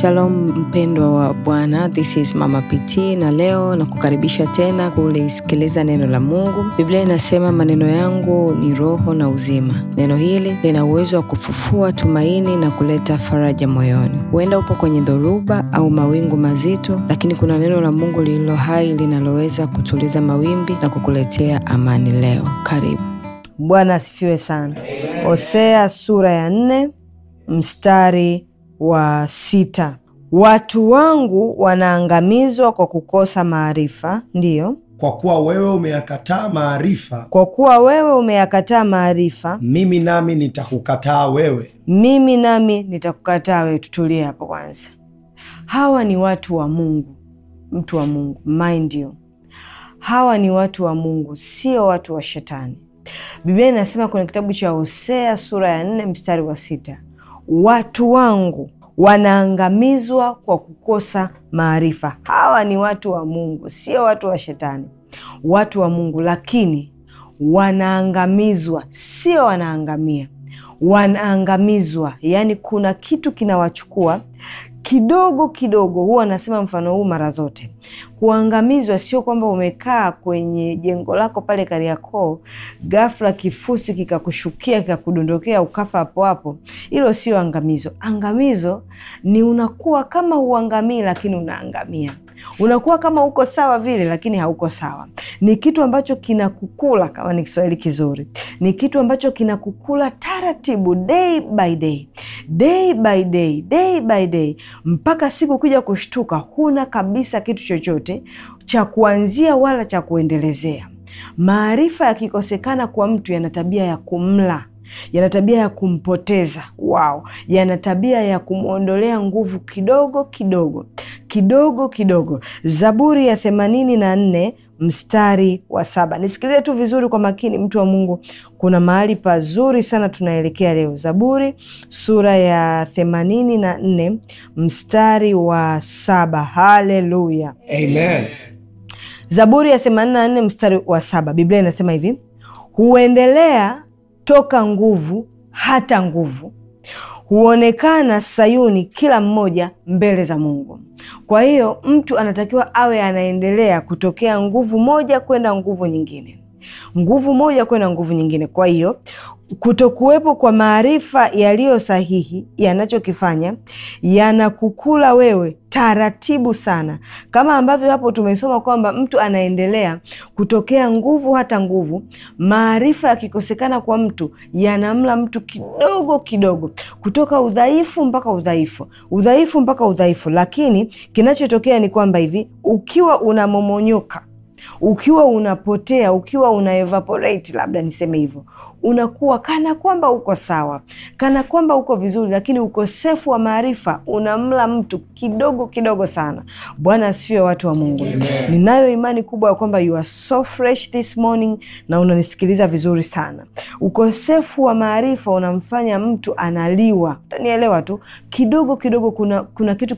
Shalom mpendwa wa Bwana, this is Mama PT na leo kukaribisha tena kulisikiliza neno la Mungu. Biblia inasema maneno yangu ni roho na uzima. Neno hili lina uwezo wa kufufua tumaini na kuleta faraja moyoni. Huenda upo kwenye dhoruba au mawingu mazito, lakini kuna neno la Mungu lililo hai linaloweza kutuliza mawimbi na kukuletea amani leo. Karibu. Bwana asifiwe sana. Hosea sura ya nne mstari wa sita, watu wangu wanaangamizwa kwa kukosa maarifa. Ndiyo, kwa kuwa wewe umeyakataa maarifa, kwa kuwa wewe umeyakataa maarifa, mimi nami nitakukataa wewe, mimi nami nitakukataa wewe. Tutulie hapo kwanza. Hawa ni watu wa Mungu, mtu wa Mungu, mind you, hawa ni watu wa Mungu, sio watu wa Shetani. Biblia inasema kwenye kitabu cha Hosea sura ya nne mstari wa sita watu wangu wanaangamizwa kwa kukosa maarifa. Hawa ni watu wa Mungu, sio watu wa shetani, watu wa Mungu, lakini wanaangamizwa, sio wanaangamia, wanaangamizwa. Yaani kuna kitu kinawachukua kidogo kidogo. Huwa nasema mfano huu mara zote, kuangamizwa sio kwamba umekaa kwenye jengo lako pale Kariakoo, ghafla kifusi kikakushukia kikakudondokea ukafa hapo hapo. Hilo sio angamizo. Angamizo ni unakuwa kama uangamii, lakini unaangamia unakuwa kama uko sawa vile, lakini hauko sawa. Ni kitu ambacho kinakukula, kama ni Kiswahili kizuri, ni kitu ambacho kinakukula taratibu, day by day, day by day, day by day, mpaka siku kuja kushtuka, huna kabisa kitu chochote cha kuanzia wala cha kuendelezea. Maarifa yakikosekana kwa mtu, yana tabia ya kumla yana tabia ya kumpoteza wao, yana tabia ya kumwondolea nguvu kidogo kidogo kidogo kidogo. Zaburi ya themanini na nne mstari wa saba. Nisikilize tu vizuri kwa makini, mtu wa Mungu, kuna mahali pazuri sana tunaelekea leo. Zaburi sura ya themanini na nne mstari wa saba. Haleluya, amen. Zaburi ya themanini na nne mstari wa saba, Biblia inasema hivi: huendelea toka nguvu hata nguvu huonekana Sayuni kila mmoja mbele za Mungu. Kwa hiyo mtu anatakiwa awe anaendelea kutokea nguvu moja kwenda nguvu nyingine, nguvu moja kwenda nguvu nyingine. Kwa hiyo kutokuwepo kwa maarifa yaliyo sahihi yanachokifanya yanakukula wewe taratibu sana, kama ambavyo hapo tumesoma kwamba mtu anaendelea kutokea nguvu hata nguvu. Maarifa yakikosekana kwa mtu yanamla mtu kidogo kidogo, kutoka udhaifu mpaka udhaifu, udhaifu mpaka udhaifu. Lakini kinachotokea ni kwamba hivi, ukiwa unamomonyoka ukiwa unapotea, ukiwa una evaporate, labda niseme hivyo, unakuwa kana kwamba uko sawa, kana kwamba uko vizuri, lakini ukosefu wa maarifa unamla mtu kidogo kidogo sana. Bwana asifiwe, watu wa Mungu. Ninayo imani kubwa ya kwamba you are so fresh this morning na unanisikiliza vizuri sana. Ukosefu wa maarifa unamfanya mtu analiwa, utanielewa tu kidogo kidogo. Kuna, kuna kitu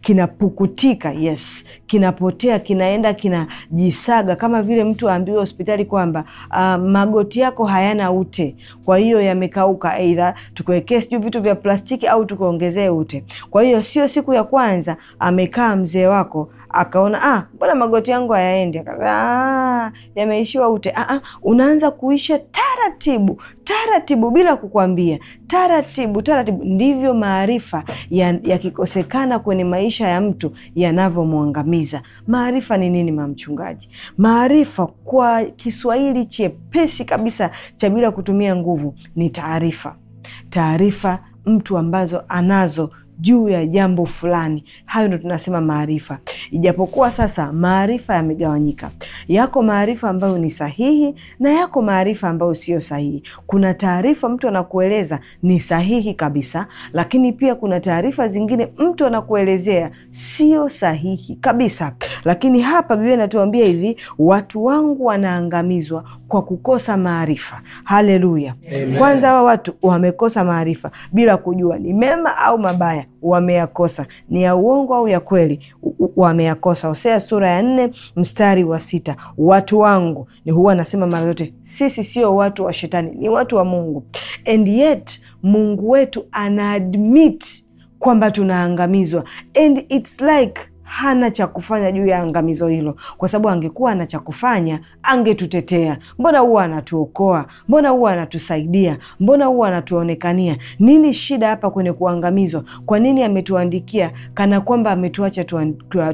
kinapukutika, kina, kina yes, kinapotea, kinaenda, kinajisaga kama vile mtu aambiwe hospitali kwamba uh, magoti yako hayana ute, kwa hiyo yamekauka, aidha tukiwekee sijui vitu vya plastiki au tukuongezee ute. Kwa hiyo sio siku ya kwanza amekaa mzee wako akaona ah, mbona magoti yangu hayaendi? Akaza ah, yameishiwa ute. Ah, ah, unaanza kuisha taratibu taratibu, bila kukwambia, taratibu taratibu. Ndivyo maarifa yakikosekana ya kwenye maisha ya mtu yanavyomwangamiza. Maarifa ni nini, mamchungaji? Maarifa kwa Kiswahili chepesi kabisa cha bila kutumia nguvu ni taarifa, taarifa mtu ambazo anazo juu ya jambo fulani. Hayo ndo tunasema maarifa, ijapokuwa sasa maarifa yamegawanyika. Yako maarifa ambayo ni sahihi na yako maarifa ambayo siyo sahihi. Kuna taarifa mtu anakueleza ni sahihi kabisa, lakini pia kuna taarifa zingine mtu anakuelezea sio sahihi kabisa. Lakini hapa Biblia inatuambia hivi, watu wangu wanaangamizwa kwa kukosa maarifa. Haleluya! Kwanza hawa watu wamekosa maarifa, bila kujua ni mema au mabaya, wameyakosa ni ya uongo au ya kweli, wameyakosa. Hosea sura ya nne mstari wa sita. Watu wangu ni huwa anasema mara zote, sisi sio watu wa shetani, ni watu wa Mungu. And yet Mungu wetu ana admit kwamba tunaangamizwa and it's like hana cha kufanya juu ya angamizo hilo, kwa sababu angekuwa ana cha kufanya angetutetea. Mbona huwa anatuokoa? Mbona huwa anatusaidia? Mbona huwa anatuonekania? Nini shida hapa kwenye kuangamizwa? Kwa nini ametuandikia kana kwamba ametuacha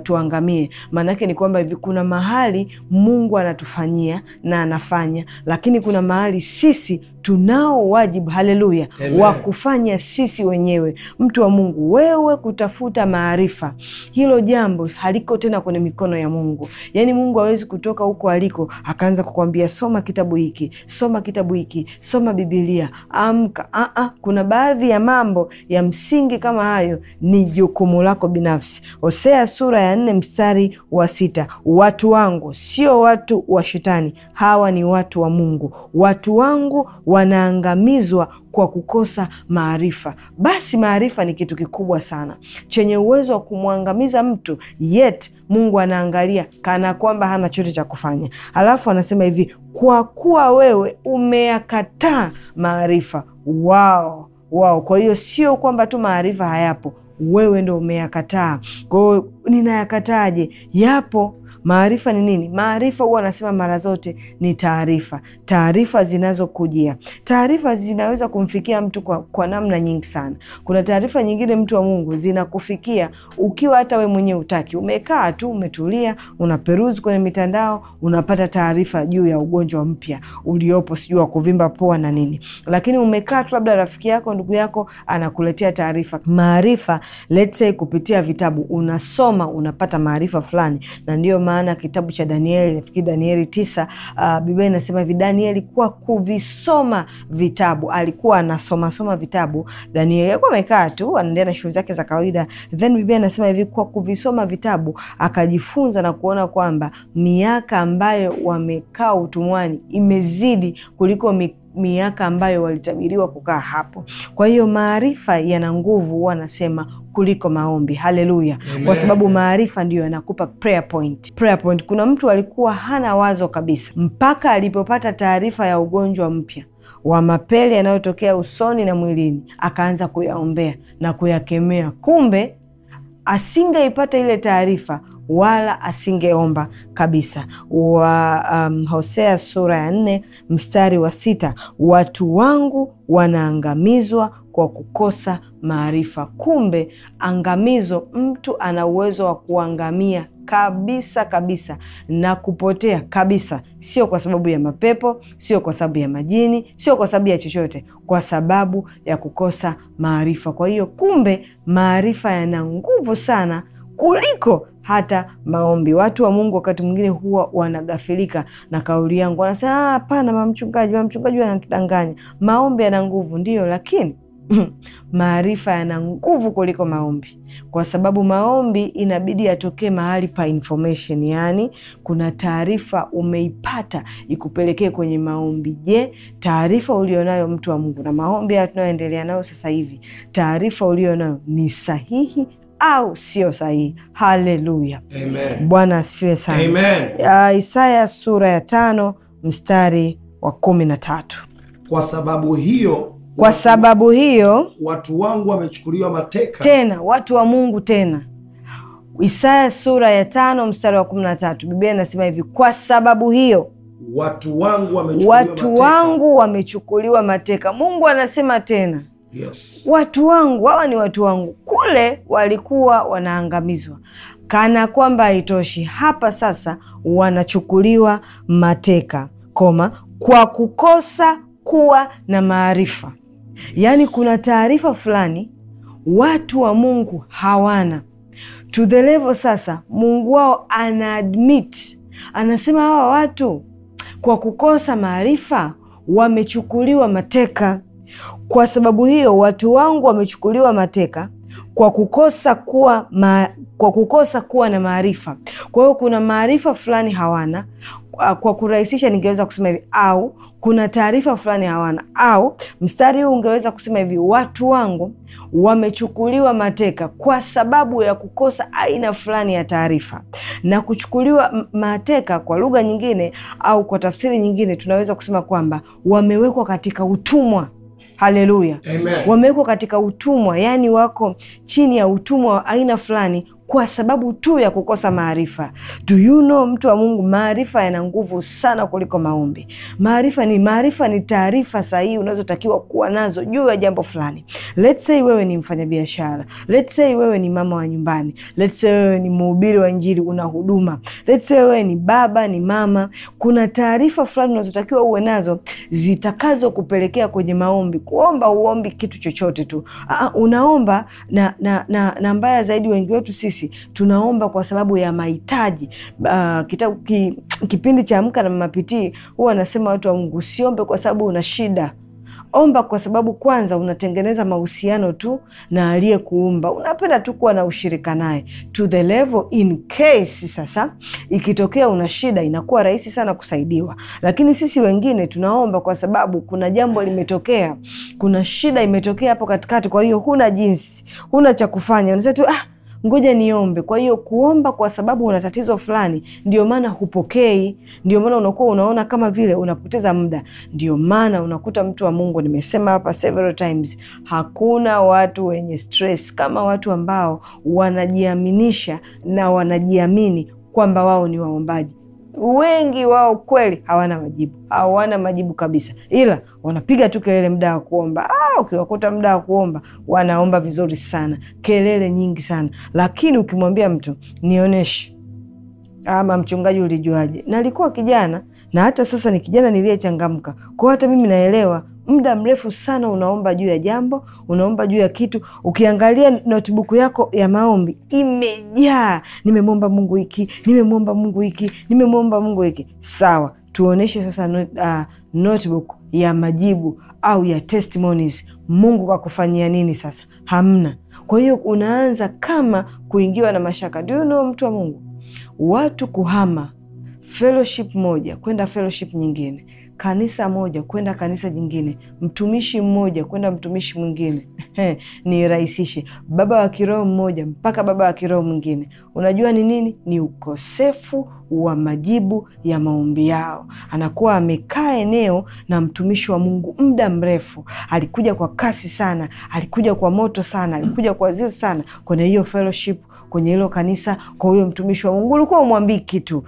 tuangamie? Maanake ni kwamba hivi, kuna mahali Mungu anatufanyia na anafanya, lakini kuna mahali sisi tunao wajibu haleluya, wa kufanya sisi wenyewe. Mtu wa Mungu, wewe kutafuta maarifa, hilo jambo haliko tena kwenye mikono ya Mungu. Yaani Mungu hawezi kutoka huko aliko akaanza kukwambia soma kitabu hiki, soma kitabu hiki, soma Bibilia, amka. A -a, kuna baadhi ya mambo ya msingi kama hayo ni jukumu lako binafsi. Hosea sura ya nne mstari wa sita watu wangu sio watu wa Shetani, hawa ni watu wa Mungu, watu wangu wanaangamizwa kwa kukosa maarifa. Basi maarifa ni kitu kikubwa sana chenye uwezo wa kumwangamiza mtu, yet Mungu anaangalia kana kwamba hana chote cha kufanya, alafu anasema hivi, kwa kuwa wewe umeyakataa maarifa. Wao wao, kwa hiyo sio kwamba tu maarifa hayapo, wewe ndo umeyakataa. Kwa hiyo ninayakataaje? Yapo Maarifa ni nini? Maarifa huwa anasema mara zote ni taarifa, taarifa zinazokujia. Taarifa zinaweza kumfikia mtu kwa, kwa namna nyingi sana. Kuna taarifa nyingine, mtu wa Mungu, zinakufikia ukiwa hata we mwenyewe utaki, umekaa tu, umetulia, unaperuzi kwenye mitandao, unapata taarifa juu ya ugonjwa mpya uliopo, sijui wa kuvimba poa na nini, lakini umekaa tu, labda rafiki yako, ndugu yako anakuletea taarifa. Maarifa let's say kupitia vitabu, unasoma unapata maarifa fulani, na ndio maana kitabu cha Danieli, nafikiri Danieli tisa, uh, Biblia inasema hivi Danieli kuwa kuvisoma vitabu, alikuwa anasomasoma vitabu. Danieli alikuwa amekaa tu anaendea na shughuli zake za kawaida, then Biblia inasema hivi kwa kuvisoma vitabu akajifunza na kuona kwamba miaka ambayo wamekaa utumwani imezidi kuliko miku miaka ambayo walitabiriwa kukaa hapo. Kwa hiyo maarifa yana nguvu, huwa anasema kuliko maombi. Haleluya! Kwa sababu maarifa ndiyo yanakupa prayer point. Prayer point. Kuna mtu alikuwa hana wazo kabisa mpaka alipopata taarifa ya ugonjwa mpya wa mapele yanayotokea usoni na mwilini, akaanza kuyaombea na kuyakemea, kumbe asingeipata ile taarifa wala asingeomba kabisa. wa um, Hosea sura ya nne mstari wa sita watu wangu wanaangamizwa kwa kukosa maarifa. Kumbe angamizo, mtu ana uwezo wa kuangamia kabisa kabisa na kupotea kabisa, sio kwa sababu ya mapepo, sio kwa sababu ya majini, sio kwa sababu ya chochote, kwa sababu ya kukosa maarifa. Kwa hiyo, kumbe maarifa yana nguvu sana kuliko hata maombi. Watu wa Mungu wakati mwingine huwa wanagafilika na kauli yangu, wanasema ah, hapana, mamchungaji, mamchungaji anatudanganya, maombi yana nguvu. Ndiyo, lakini maarifa yana nguvu kuliko maombi, kwa sababu maombi inabidi yatokee mahali pa information, yaani kuna taarifa umeipata ikupelekee kwenye maombi. Je, taarifa ulionayo mtu wa Mungu na maombi haya tunayoendelea nayo sasa hivi, taarifa ulionayo ni sahihi au sio sahihi? Haleluya, Bwana asifiwe sana. Isaya sura ya tano mstari wa kumi na tatu. Kwa sababu hiyo kwa watu, sababu hiyo watu wangu wamechukuliwa mateka. Tena watu wa Mungu tena Isaya sura ya tano mstari wa kumi na tatu Biblia inasema hivi, kwa sababu hiyo watu wangu wamechukuliwa watu wangu wamechukuliwa mateka. Mungu anasema tena yes. Watu wangu hawa ni watu wangu, kule walikuwa wanaangamizwa kana kwamba haitoshi, hapa sasa wanachukuliwa mateka koma, kwa kukosa kuwa na maarifa yaani kuna taarifa fulani watu wa Mungu hawana to the Sasa Mungu wao ana admit, anasema hawa watu kwa kukosa maarifa wamechukuliwa mateka. Kwa sababu hiyo watu wangu wamechukuliwa mateka kwa kukosa kuwa ma, kwa kukosa kuwa na maarifa. Kwa hiyo kuna maarifa fulani hawana. Kwa kurahisisha, ningeweza kusema hivi, au kuna taarifa fulani hawana, au mstari huu ungeweza kusema hivi, watu wangu wamechukuliwa mateka kwa sababu ya kukosa aina fulani ya taarifa. Na kuchukuliwa mateka kwa lugha nyingine, au kwa tafsiri nyingine, tunaweza kusema kwamba wamewekwa katika utumwa Haleluya, wamewekwa katika utumwa, yaani wako chini ya utumwa wa aina fulani kwa sababu tu ya kukosa maarifa. Do you know, mtu wa Mungu, maarifa yana nguvu sana kuliko maombi. Maarifa ni maarifa ni taarifa sahihi unazotakiwa kuwa nazo juu ya jambo fulani. Let's say wewe ni mfanyabiashara, let's say wewe ni mama wa nyumbani, let's say wewe ni mhubiri wa Injili, una huduma, let's say wewe ni baba, ni mama. Kuna taarifa fulani unazotakiwa uwe nazo zitakazo kupelekea kwenye maombi. Kuomba huombi kitu chochote tu, ah, ah, unaomba na, na, na, na mbaya zaidi, wengi wetu sisi sisi tunaomba kwa sababu ya mahitaji. Uh, ki, kipindi cha Amka na mapitii huwa anasema watu wa Mungu, usiombe kwa sababu una shida omba kwa sababu kwanza unatengeneza mahusiano tu na aliyekuumba, unapenda tu kuwa na ushirika naye to the level in case. Sasa ikitokea una shida, inakuwa rahisi sana kusaidiwa. Lakini sisi wengine tunaomba kwa sababu kuna jambo limetokea, kuna shida imetokea hapo katikati, kwa hiyo huna jinsi, huna cha kufanya, unasema tu ah ngoja niombe. Kwa hiyo kuomba kwa sababu una tatizo fulani, ndio maana hupokei, ndio maana unakuwa unaona kama vile unapoteza muda. Ndio maana unakuta mtu wa Mungu, nimesema hapa several times, hakuna watu wenye stress kama watu ambao wanajiaminisha na wanajiamini kwamba wao ni waombaji wengi wao kweli hawana majibu, hawana majibu kabisa, ila wanapiga tu kelele muda wa kuomba. Ah, ukiwakuta muda wa kuomba wanaomba vizuri sana, kelele nyingi sana, lakini ukimwambia mtu nioneshe, ama mchungaji, ulijuaje? Nalikuwa kijana na hata sasa ni kijana niliyechangamka, kwa hata mimi naelewa muda mrefu sana unaomba juu ya jambo, unaomba juu ya kitu. Ukiangalia notbuku yako ya maombi imejaa, nimemwomba Mungu hiki, nimemwomba Mungu hiki, nimemwomba Mungu hiki. Sawa, tuoneshe sasa not, uh, notebook ya majibu au ya testimonies. Mungu kakufanyia nini sasa? Hamna. Kwa hiyo unaanza kama kuingiwa na mashaka. ndio you know, mtu wa Mungu, watu kuhama fellowship moja kwenda fellowship nyingine kanisa moja kwenda kanisa jingine, mtumishi mmoja kwenda mtumishi mwingine ni rahisishe, baba wa kiroho mmoja mpaka baba wa kiroho mwingine. Unajua ni nini? Ni ukosefu wa majibu ya maombi yao. Anakuwa amekaa eneo na mtumishi wa Mungu muda mrefu, alikuja kwa kasi sana, alikuja kwa moto sana, alikuja kwa zio sana kwenye hiyo fellowship, kwenye hilo kanisa, kwa huyo mtumishi wa Mungu. Ulikuwa umwambii kitu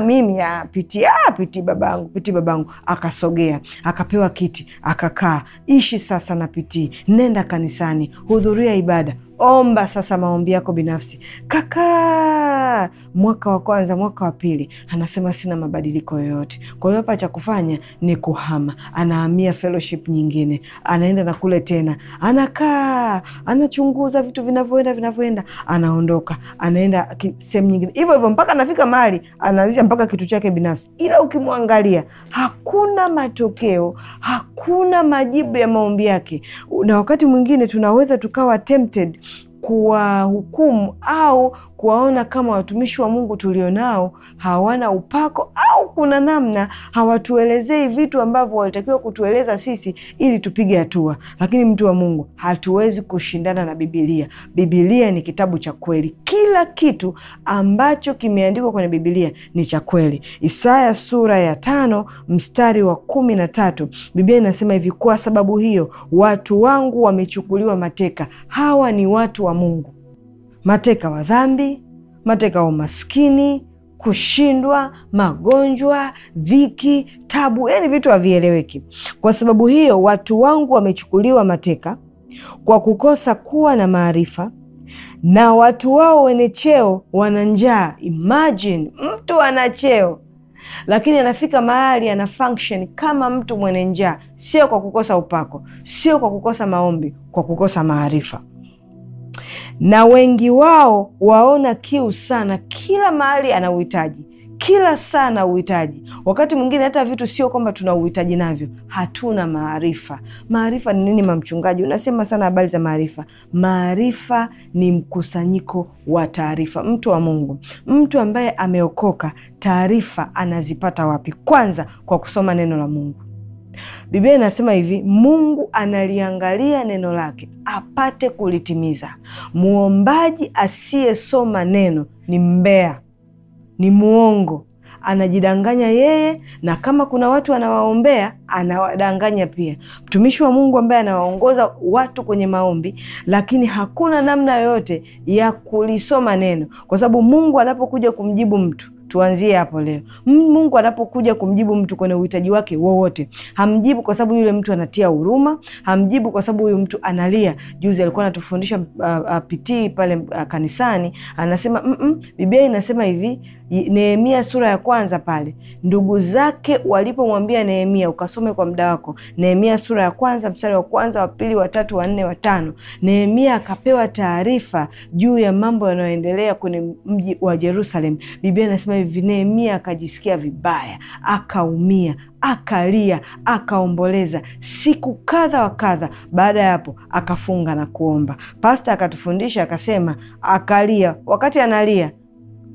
mimi ah, piti ah, piti babangu, piti babangu. Akasogea akapewa kiti akakaa. Ishi sasa na pitii, nenda kanisani, hudhuria ibada omba sasa maombi yako binafsi. Kaka, mwaka wa kwanza, mwaka wa pili, anasema sina mabadiliko yoyote. Kwa hiyo hapa cha kufanya ni kuhama. Anahamia fellowship nyingine, anaenda na kule tena, anakaa, anachunguza vitu vinavyoenda vinavyoenda, anaondoka, anaenda sehemu nyingine, hivyo hivyo mpaka anafika mahali anaanzisha mpaka kitu chake binafsi. Ila ukimwangalia hakuna matokeo, hakuna majibu ya maombi yake, na wakati mwingine tunaweza tukawa tempted kuwahukumu au kuwaona kama watumishi wa Mungu tulionao hawana upako au kuna namna hawatuelezei vitu ambavyo walitakiwa kutueleza sisi ili tupige hatua. Lakini mtu wa Mungu, hatuwezi kushindana na Bibilia. Bibilia ni kitabu cha kweli, kila kitu ambacho kimeandikwa kwenye Bibilia ni cha kweli. Isaya sura ya tano mstari wa kumi na tatu Biblia inasema hivi: kwa sababu hiyo watu wangu wamechukuliwa mateka. Hawa ni watu wa Mungu mateka wa dhambi, mateka wa umaskini, kushindwa, magonjwa, dhiki, tabu, yani vitu havieleweki. Kwa sababu hiyo, watu wangu wamechukuliwa mateka kwa kukosa kuwa na maarifa, na watu wao wenye cheo wana njaa. Imagine mtu ana cheo lakini anafika mahali ana function kama mtu mwenye njaa, sio kwa kukosa upako, sio kwa kukosa maombi, kwa kukosa maarifa na wengi wao waona kiu sana, kila mahali ana uhitaji, kila saa ana uhitaji. Wakati mwingine hata vitu sio kwamba tuna uhitaji navyo, hatuna maarifa. Maarifa ni nini, mamchungaji? Unasema sana habari za maarifa. Maarifa ni mkusanyiko wa taarifa. Mtu wa Mungu, mtu ambaye ameokoka, taarifa anazipata wapi? Kwanza kwa kusoma neno la Mungu. Biblia inasema hivi, Mungu analiangalia neno lake apate kulitimiza. Muombaji asiyesoma neno ni mbea, ni muongo, anajidanganya yeye, na kama kuna watu anawaombea anawadanganya pia. Mtumishi wa Mungu ambaye anawaongoza watu kwenye maombi, lakini hakuna namna yoyote ya kulisoma neno, kwa sababu Mungu anapokuja kumjibu mtu Tuanzie hapo leo. Mungu anapokuja kumjibu mtu kwenye uhitaji wake wowote, hamjibu kwa sababu yule mtu anatia huruma, hamjibu kwa sababu huyu mtu analia. Juzi alikuwa anatufundisha uh, uh, pitii pale uh, kanisani, anasema mm -mm, Biblia inasema hivi Nehemia sura ya kwanza pale ndugu zake walipomwambia Nehemia, ukasome kwa muda wako, Nehemia sura ya kwanza mstari wa kwanza, wa pili, wa tatu, wa nne, wa tano. Nehemia akapewa taarifa juu ya mambo yanayoendelea kwenye mji wa jerusalem Biblia inasema hivi, Nehemia akajisikia vibaya, akaumia akalia akaomboleza siku kadha wa kadha. Baada ya hapo, akafunga na kuomba. Pasta akatufundisha akasema, akalia. Wakati analia,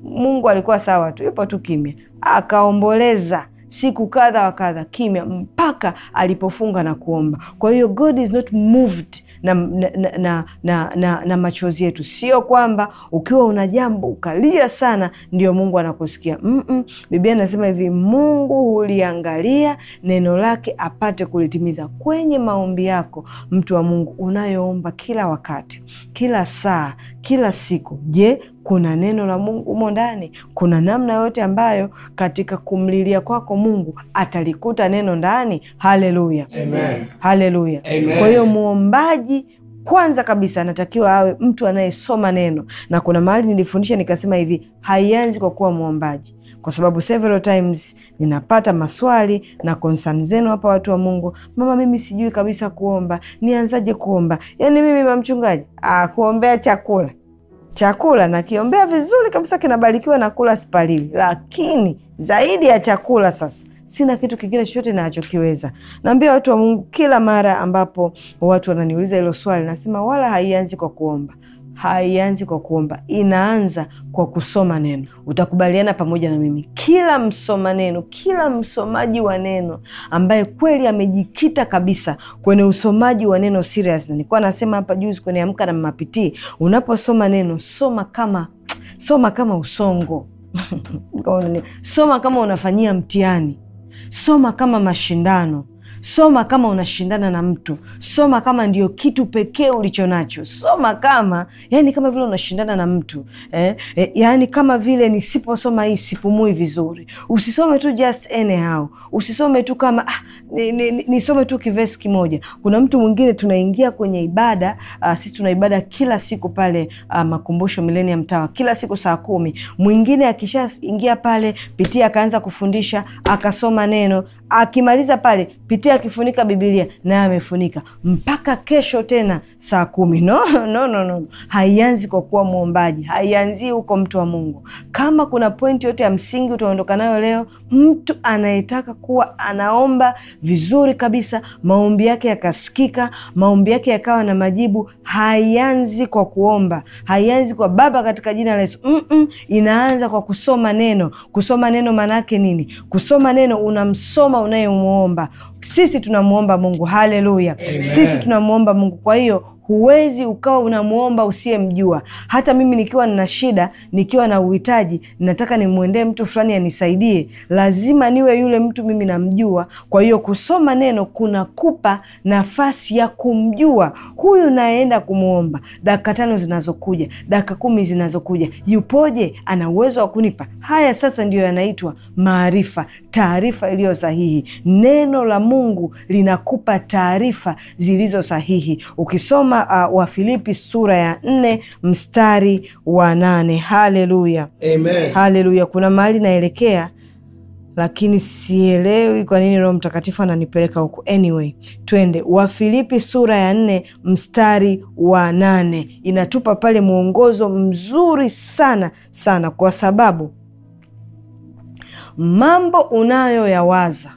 Mungu alikuwa sawa tu, yupo tu kimya, akaomboleza siku kadha wa kadha kimya, mpaka alipofunga na kuomba. Kwa hiyo God is not moved na, na, na, na, na, na machozi yetu. Sio kwamba ukiwa una jambo ukalia sana ndio Mungu anakusikia. mm -mm. Biblia inasema hivi, Mungu huliangalia neno lake apate kulitimiza. Kwenye maombi yako, mtu wa Mungu, unayoomba kila wakati, kila saa, kila siku, je, kuna neno la Mungu humo ndani, kuna namna yote ambayo katika kumlilia kwako Mungu atalikuta neno ndani. Haleluya, amen, haleluya, Kwa hiyo muombaji kwanza kabisa anatakiwa awe mtu anayesoma neno, na kuna mahali nilifundisha nikasema hivi, haianzi kwa kuwa mwombaji kwa sababu several times ninapata maswali na concern zenu hapa, watu wa Mungu, mama, mimi sijui kabisa kuomba, nianzaje kuomba? Yani mimi mamchungaji, ah, kuombea chakula chakula nakiombea vizuri kabisa, kinabarikiwa na kula sipalili, lakini zaidi ya chakula sasa sina kitu kingine chochote nachokiweza. Naambia watu wa Mungu, kila mara ambapo watu wananiuliza hilo swali, nasema wala haianzi kwa kuomba, haianzi kwa kuomba, inaanza kwa kusoma neno. Utakubaliana pamoja na mimi, kila msoma neno, kila msomaji wa neno ambaye kweli amejikita kabisa kwenye usomaji wa neno serious, na nilikuwa nasema hapa juzi kwenye Amka na Mapitii, unaposoma neno soma kama soma kama usongo soma kama unafanyia mtihani, soma kama mashindano Soma kama unashindana na mtu, soma kama ndio kitu pekee ulicho nacho, soma kama yani kama vile unashindana na mtu eh, eh, yani kama vile nisiposoma hii sipumui vizuri. Usisome tu just anyhow, usisome tu kama ah, nisome ni, ni tu kivesi kimoja. Kuna mtu mwingine tunaingia kwenye ibada ah, sisi tuna ibada kila siku pale ah, makumbusho Millennium Tower kila siku saa kumi. Mwingine akishaingia pale pitia, akaanza kufundisha akasoma neno, akimaliza pale pitia yeye akifunika Bibilia naye amefunika mpaka kesho tena saa kumi. No, no, no, no. Haianzi kwa kuwa mwombaji, haianzii huko, mtu wa Mungu. Kama kuna pointi yote ya msingi utaondoka nayo leo, mtu anayetaka kuwa anaomba vizuri kabisa, maombi yake yakasikika, maombi yake yakawa na majibu, haianzi kwa kuomba, haianzi kwa Baba katika jina la Yesu. Mm -mm, inaanza kwa kusoma neno. Kusoma neno maana nini? Kusoma neno, unamsoma unayemwomba sisi tunamwomba Mungu, haleluya! Sisi tunamwomba Mungu. Kwa hiyo Huwezi ukawa unamwomba usiyemjua. Hata mimi nikiwa nina shida, nikiwa na uhitaji, nataka nimwendee mtu fulani anisaidie, lazima niwe yule mtu mimi namjua. Kwa hiyo kusoma neno kunakupa nafasi ya kumjua huyu naenda kumwomba, dakika tano zinazokuja, dakika kumi zinazokuja, yupoje? Ana uwezo wa kunipa haya? Sasa ndiyo yanaitwa maarifa, taarifa iliyo sahihi. Neno la Mungu linakupa taarifa zilizo sahihi ukisoma Soma uh, wa Filipi sura ya nne mstari wa nane. Haleluya, amen, haleluya. Kuna mahali naelekea lakini sielewi kwa nini Roho Mtakatifu ananipeleka huku. Anyway, twende Wafilipi sura ya nne mstari wa nane inatupa pale mwongozo mzuri sana sana, kwa sababu mambo unayoyawaza,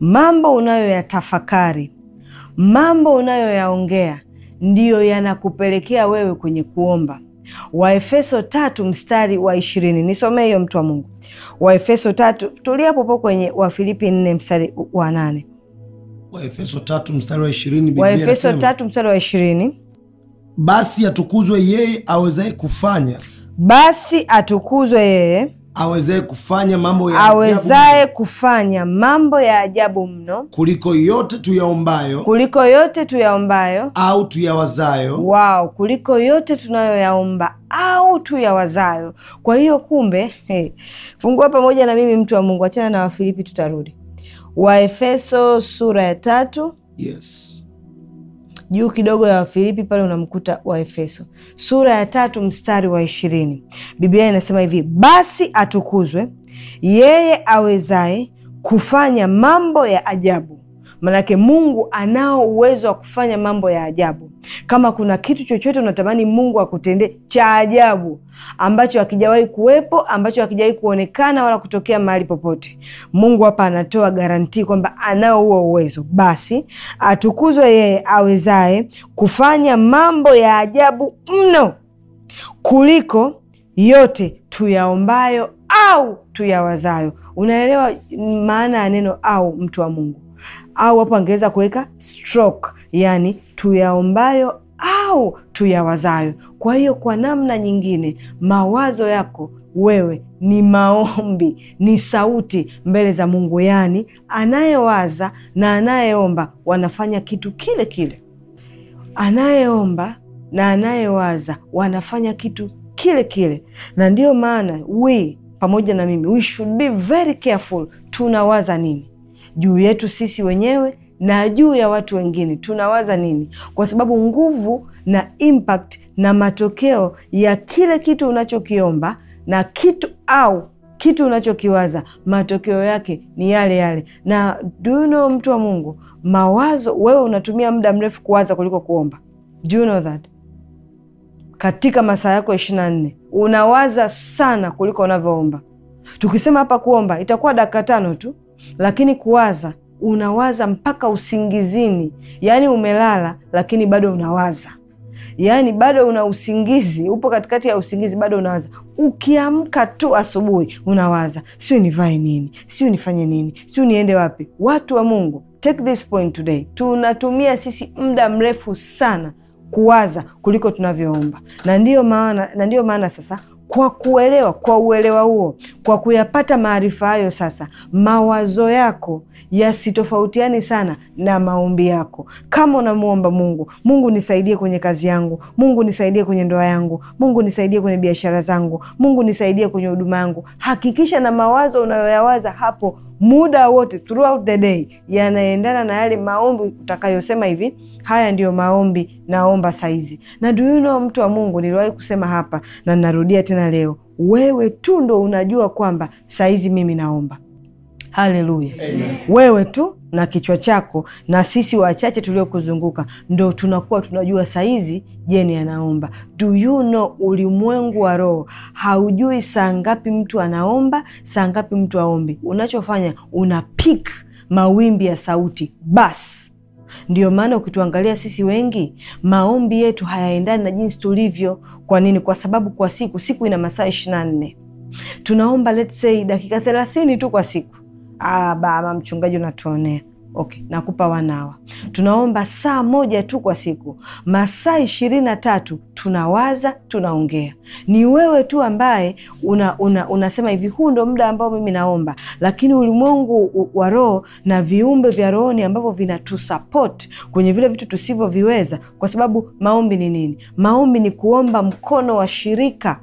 mambo unayoyatafakari, mambo unayoyaongea ndiyo yanakupelekea wewe kwenye kuomba. Waefeso tatu mstari wa ishirini. Nisomee hiyo mtu wa Mungu, Waefeso tatu. Tulia popo kwenye Wafilipi nne mstari wa nane. Waefeso tatu mstari wa ishirini. Waefeso tatu mstari wa ishirini. Basi atukuzwe yeye awezaye kufanya, basi atukuzwe yeye awezaye kufanya mambo ya awezaye kufanya mambo ya ajabu mno kuliko yote tuyaombayo kuliko yote tuyaombayo au tuyawazayo wao kuliko yote tunayoyaomba au tuyawazayo. Kwa hiyo kumbe, hey, fungua pamoja na mimi mtu wa Mungu, achana na Wafilipi, tutarudi Waefeso sura ya tatu yes juu kidogo ya Wafilipi pale unamkuta Waefeso sura ya tatu mstari wa ishirini. Biblia inasema hivi, basi atukuzwe yeye awezaye kufanya mambo ya ajabu Manake Mungu anao uwezo wa kufanya mambo ya ajabu. Kama kuna kitu chochote unatamani Mungu akutendee cha ajabu ambacho hakijawahi kuwepo, ambacho hakijawahi kuonekana wala kutokea mahali popote, Mungu hapa anatoa garantii kwamba anao huo uwezo. Basi atukuzwe yeye awezaye kufanya mambo ya ajabu mno kuliko yote tuyaombayo au tuyawazayo. Unaelewa maana ya neno au, mtu wa Mungu? au hapo angeweza kuweka stroke, yani tuyaombayo au tuyawazayo. Kwa hiyo kwa namna nyingine, mawazo yako wewe ni maombi, ni sauti mbele za Mungu. yani anayewaza na anayeomba wanafanya kitu kile kile, anayeomba na anayewaza wanafanya kitu kile kile, na ndiyo maana we pamoja na mimi we should be very careful, tunawaza nini juu yetu sisi wenyewe na juu ya watu wengine, tunawaza nini? Kwa sababu nguvu na impact na matokeo ya kile kitu unachokiomba na kitu au kitu unachokiwaza matokeo yake ni yale yale. Na do you know, mtu wa Mungu, mawazo, wewe unatumia muda mrefu kuwaza kuliko kuomba. Do you know that? Katika masaa yako ishirini na nne unawaza sana kuliko unavyoomba. Tukisema hapa kuomba itakuwa dakika tano tu lakini kuwaza unawaza mpaka usingizini, yaani umelala lakini bado unawaza, yaani bado una usingizi, upo katikati ya usingizi, bado unawaza. Ukiamka tu asubuhi unawaza, siu nivae nini, siu nifanye nini, siu niende wapi? Watu wa Mungu, take this point today, tunatumia sisi muda mrefu sana kuwaza kuliko tunavyoomba, na ndiyo maana na ndiyo maana sasa kwa kuelewa, kwa uelewa huo, kwa kuyapata maarifa hayo, sasa mawazo yako yasitofautiani sana na maombi yako. Kama unamwomba Mungu, Mungu nisaidie kwenye kazi yangu, Mungu nisaidie kwenye ndoa yangu, Mungu nisaidie kwenye biashara zangu, Mungu nisaidie kwenye huduma yangu, hakikisha na mawazo unayoyawaza hapo muda wote throughout the day yanaendana na yale maombi utakayosema hivi, haya ndiyo maombi naomba saizi. Na do you know, mtu wa Mungu, niliwahi kusema hapa na ninarudia tena leo, wewe tu ndo unajua kwamba saizi mimi naomba Haleluya! Wewe tu na kichwa chako na sisi wachache tuliokuzunguka ndo tunakuwa tunajua saizi jeni anaomba. Do you know, ulimwengu wa roho haujui saa ngapi mtu anaomba, saa ngapi mtu aombi. Unachofanya una pick mawimbi ya sauti basi ndio maana ukituangalia sisi wengi maombi yetu hayaendani na jinsi tulivyo. Kwa nini? Kwa sababu kwa siku, siku ina masaa ishirini na nne tunaomba let's say dakika thelathini tu kwa siku Ah, baba mchungaji unatuonea. Okay, nakupa wanawa. Tunaomba saa moja tu kwa siku, masaa ishirini na tatu tunawaza, tunaongea. Ni wewe tu ambaye una, una, unasema hivi, huu ndo muda ambao mimi naomba, lakini ulimwengu wa roho na viumbe vya rohoni ambavyo vinatusapoti kwenye vile vitu tusivyoviweza, kwa sababu maombi ni nini? Maombi ni kuomba mkono wa shirika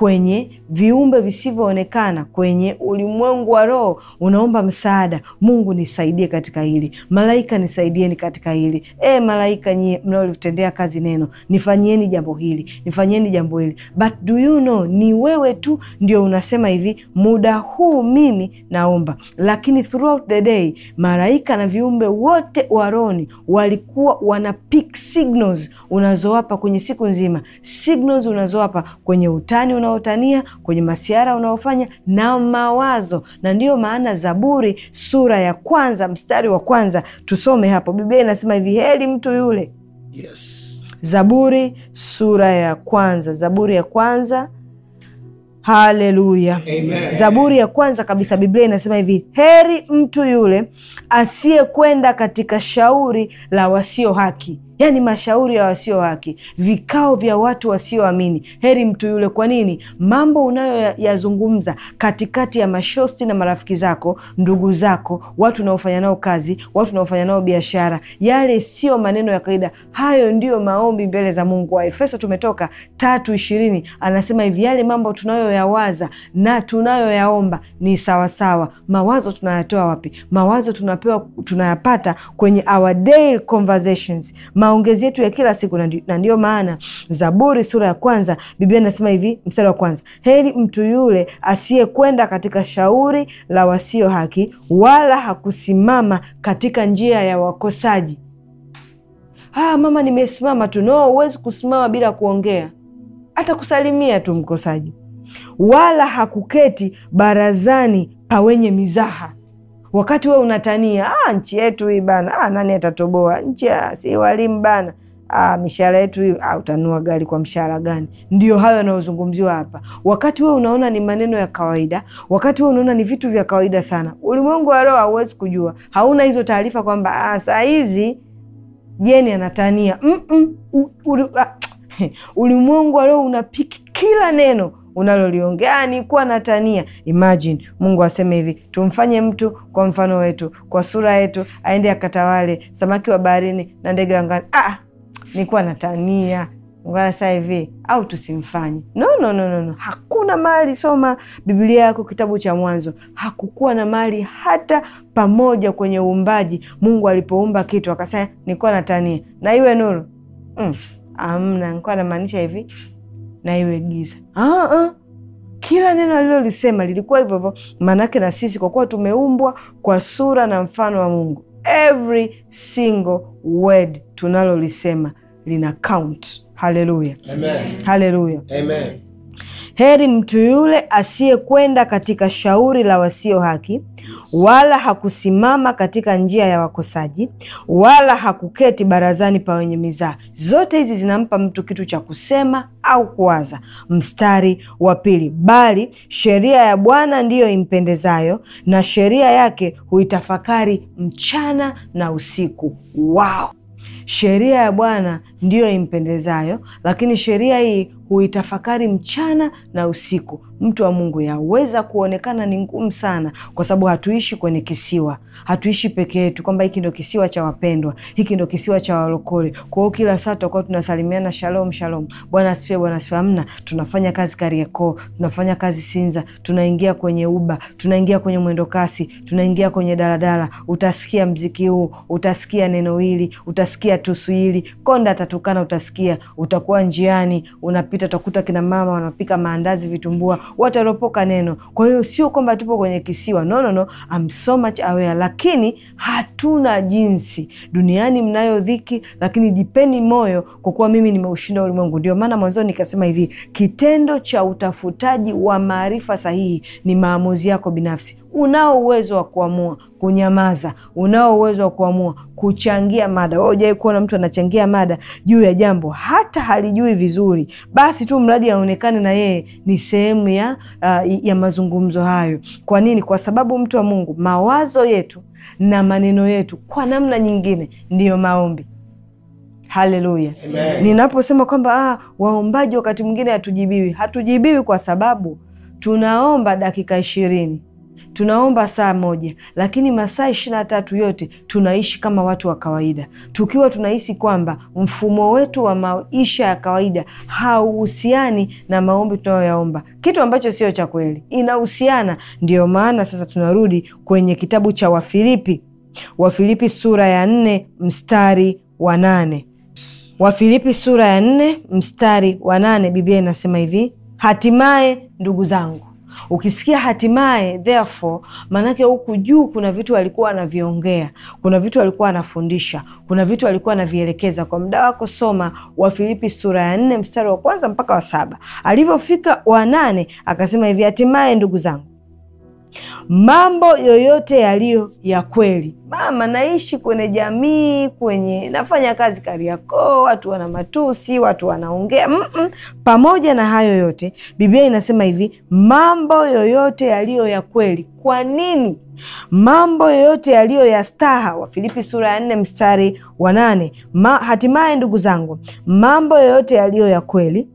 kwenye viumbe visivyoonekana, kwenye ulimwengu wa roho. Unaomba msaada, Mungu nisaidie katika hili, malaika nisaidieni katika hili. E malaika nyie mnaolitendea kazi neno, nifanyieni jambo hili, nifanyieni jambo hili. But do you know, ni wewe tu ndio unasema hivi, muda huu mimi naomba. Lakini throughout the day malaika na viumbe wote wa rohoni walikuwa wana pick signals unazowapa kwenye siku nzima, signals unazowapa kwenye utani una unaotania, kwenye masiara unaofanya na mawazo. Na ndiyo maana Zaburi sura ya kwanza mstari wa kwanza tusome hapo. Biblia inasema hivi, heli mtu yule yes. Zaburi sura ya kwanza, Zaburi ya kwanza. Haleluya, Zaburi ya kwanza kabisa, Biblia inasema hivi, heri mtu yule asiyekwenda katika shauri la wasio haki yani mashauri ya wasio haki, vikao vya watu wasioamini. Heri mtu yule. Kwa nini? Mambo unayoyazungumza katikati ya mashosti na marafiki zako, ndugu zako, watu unaofanya nao kazi, watu unaofanya nao biashara, yale sio maneno ya kawaida. Hayo ndiyo maombi mbele za Mungu. Wa Efeso tumetoka tatu ishirini anasema hivi, yale mambo tunayoyawaza na tunayoyaomba ni sawasawa. Mawazo tunayatoa wapi? Mawazo tunapewa, tunayapata kwenye our daily conversations Ma maongezi yetu ya kila siku, na ndio maana Zaburi sura ya kwanza Biblia inasema hivi, mstari wa kwanza, heri mtu yule asiyekwenda katika shauri la wasio haki, wala hakusimama katika njia ya wakosaji. Ah, mama nimesimama tu. No, huwezi kusimama bila kuongea, hata kusalimia tu mkosaji, wala hakuketi barazani pa wenye mizaha. Wakati wewe unatania ah, nchi yetu hii bana, ah, nani atatoboa nchi, si walimu bana, ah, mishahara yetu hii ah, utanua gari kwa mshahara gani? Ndio hayo yanayozungumziwa hapa, wakati wewe unaona ni maneno ya kawaida, wakati wewe unaona ni vitu vya kawaida sana. Ulimwengu wa hauwezi kujua, hauna hizo taarifa kwamba ah, saa hizi Jeni anatania. Mm -mm, ulimwengu wa leo unapiki kila neno unaloliongea ni yaani kuwa tania Imagine Mungu aseme hivi, tumfanye mtu kwa mfano wetu, kwa sura yetu, aende akatawale samaki wa baharini na ndege wa Ah, ni kuwa natania ngana saa hivi au tusimfanye? No, no, no, no, no. Hakuna mali. Soma Biblia yako kitabu cha Mwanzo, hakukuwa na mali hata pamoja kwenye uumbaji. Mungu alipoumba kitu akasema nikuwa na tania na iwe nuru. Mm, amna, nikuwa namaanisha hivi na iwe giza. Ah, ah. Kila neno alilolisema lilikuwa hivyo hivyo, maanake na sisi kwa kuwa tumeumbwa kwa sura na mfano wa Mungu, every single word tunalolisema lina count. Haleluya, haleluya, amen. Heri mtu yule asiyekwenda katika shauri la wasio haki, wala hakusimama katika njia ya wakosaji, wala hakuketi barazani pa wenye mizaa. Zote hizi zinampa mtu kitu cha kusema au kuwaza. Mstari wa pili, bali sheria ya Bwana ndiyo impendezayo, na sheria yake huitafakari mchana na usiku. Wao, sheria ya Bwana ndiyo impendezayo, lakini sheria hii huitafakari mchana na usiku, mtu wa Mungu, yaweza kuonekana ni ngumu sana, kwa sababu hatuishi kwenye kisiwa, hatuishi peke yetu, kwamba hiki ndo kisiwa cha wapendwa, hiki ndo kisiwa cha walokole. Kwa kila saa tutakuwa tunasalimiana shalom, shalom, bwana sifie bwana asifiwe. amna tunafanya kazi Kariakoo, tunafanya kazi Sinza, tunaingia kwenye uba tunaingia kwenye mwendokasi, tunaingia kwenye daladala. Utasikia mziki huu, utasikia neno hili, utasikia tusu hili, konda atatukana, utasikia. Utakuwa njiani unapita ukipita utakuta kina mama wanapika maandazi, vitumbua, watu waliopoka neno. Kwa hiyo sio kwamba tupo kwenye kisiwa, no, no, no. so much aware, lakini hatuna jinsi. Duniani mnayo dhiki, lakini jipeni moyo kwa kuwa mimi nimeushinda ulimwengu. Ndio maana mwanzoni nikasema hivi, kitendo cha utafutaji wa maarifa sahihi ni maamuzi yako binafsi unao uwezo wa kuamua kunyamaza, unao uwezo wa kuamua kuchangia mada. ujawai kuona mtu anachangia mada juu ya jambo hata halijui vizuri, basi tu mradi aonekane na yeye ni sehemu ya, uh, ya mazungumzo hayo. Kwa nini? Kwa sababu mtu wa Mungu, mawazo yetu na maneno yetu kwa namna nyingine ndiyo maombi. Haleluya! Ninaposema kwamba ah, waombaji wakati mwingine hatujibiwi, hatujibiwi kwa sababu tunaomba dakika ishirini tunaomba saa moja, lakini masaa ishirini na tatu yote tunaishi kama watu wa kawaida, tukiwa tunahisi kwamba mfumo wetu wa maisha ya kawaida hauhusiani na maombi tunayoyaomba, kitu ambacho sio cha kweli, inahusiana. Ndiyo maana sasa tunarudi kwenye kitabu cha Wafilipi, Wafilipi sura ya nne mstari wa nane. Wafilipi sura ya nne mstari wa nane, Biblia inasema hivi: hatimaye ndugu zangu Ukisikia hatimaye therefore, maanake huku juu kuna vitu alikuwa anaviongea, kuna vitu alikuwa anafundisha, kuna vitu alikuwa anavielekeza kwa muda wako. Soma wa filipi sura ya nne mstari wa kwanza mpaka wa saba. Alivyofika wa nane akasema hivi, hatimaye ndugu zangu mambo yoyote yaliyo ya kweli. Mama, naishi kwenye jamii, kwenye nafanya kazi Kariakoo, watu wana matusi, watu wanaongea mm -mm. Pamoja na hayo yote, Biblia inasema hivi, mambo yoyote yaliyo ya kweli. Kwa nini mambo yoyote yaliyo ya staha, Wafilipi sura ya nne mstari wa nane. Ma, hatimaye ndugu zangu, mambo yoyote yaliyo ya kweli,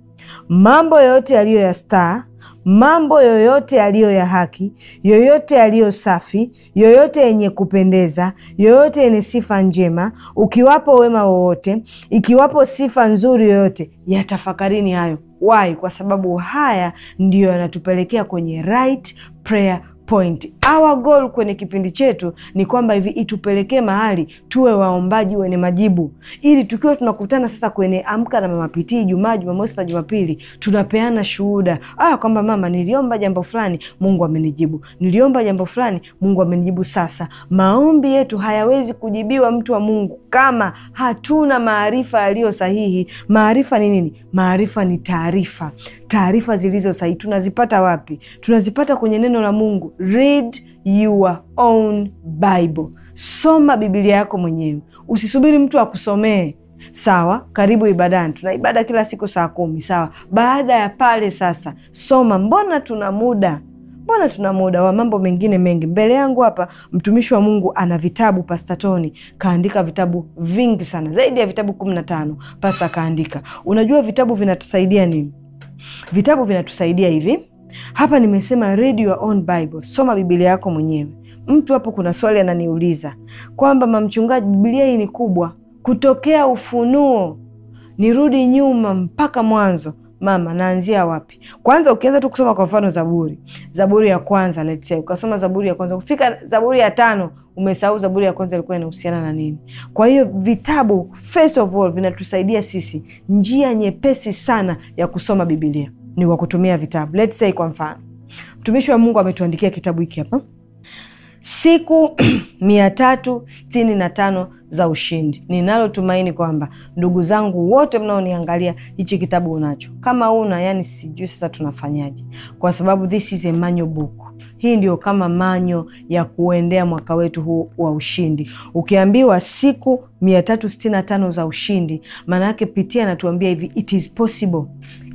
mambo yoyote yaliyo ya staha mambo yoyote yaliyo ya haki, yoyote yaliyo safi, yoyote yenye kupendeza, yoyote yenye sifa njema, ukiwapo wema wowote, ikiwapo sifa nzuri yoyote, yatafakarini hayo. Why? Kwa sababu haya ndiyo yanatupelekea kwenye right prayer point. Our goal kwenye kipindi chetu ni kwamba hivi itupelekee mahali tuwe waombaji wenye majibu, ili tukiwa tunakutana sasa kwenye Amka na Mama Pitii Ijumaa, Jumamosi na Jumapili, tunapeana shuhuda ah, kwamba mama, niliomba jambo fulani, Mungu amenijibu, niliomba jambo fulani, Mungu amenijibu. Sasa maombi yetu hayawezi kujibiwa, mtu wa Mungu, kama hatuna maarifa yaliyo sahihi. Maarifa ni nini? Maarifa ni taarifa, taarifa zilizo sahihi. Tunazipata wapi? Tunazipata kwenye neno la Mungu read your own Bible. Soma Biblia yako mwenyewe, usisubiri mtu akusomee. Sawa, karibu ibadani, tuna ibada kila siku saa kumi. Sawa, baada ya pale sasa soma. Mbona tuna muda mbona tuna muda wa mambo mengine mengi. Mbele yangu hapa mtumishi wa Mungu ana vitabu. Pasta Toni kaandika vitabu vingi sana, zaidi ya vitabu kumi na tano pasta kaandika. Unajua vitabu vinatusaidia nini? Vitabu vinatusaidia hivi hapa nimesema read your own Bible, soma bibilia yako mwenyewe. Mtu hapo kuna swali ananiuliza kwamba mamchungaji, Biblia hii ni kubwa, kutokea Ufunuo nirudi nyuma mpaka Mwanzo, mama naanzia wapi? Kwanza ukianza tu kusoma kwa mfano Zaburi, Zaburi ya kwanza let's say, ukasoma Zaburi ya kwanza kufika Zaburi ya tano umesahau Zaburi ya kwanza ilikuwa inahusiana na nini. Kwa hiyo vitabu first of all vinatusaidia sisi njia nyepesi sana ya kusoma bibilia ni wa kutumia vitabu. Let's say kwa mfano mtumishi wa Mungu ametuandikia kitabu hiki hapa siku mia tatu sitini na tano za ushindi. Ninalotumaini kwamba ndugu zangu wote mnaoniangalia, hichi kitabu unacho. Kama una, yani sijui sasa tunafanyaje, kwa sababu this is a book. Hii ndio kama manyo ya kuendea mwaka wetu huu wa ushindi. Ukiambiwa siku 365 za ushindi, maana yake Pitia anatuambia hivi, it is possible,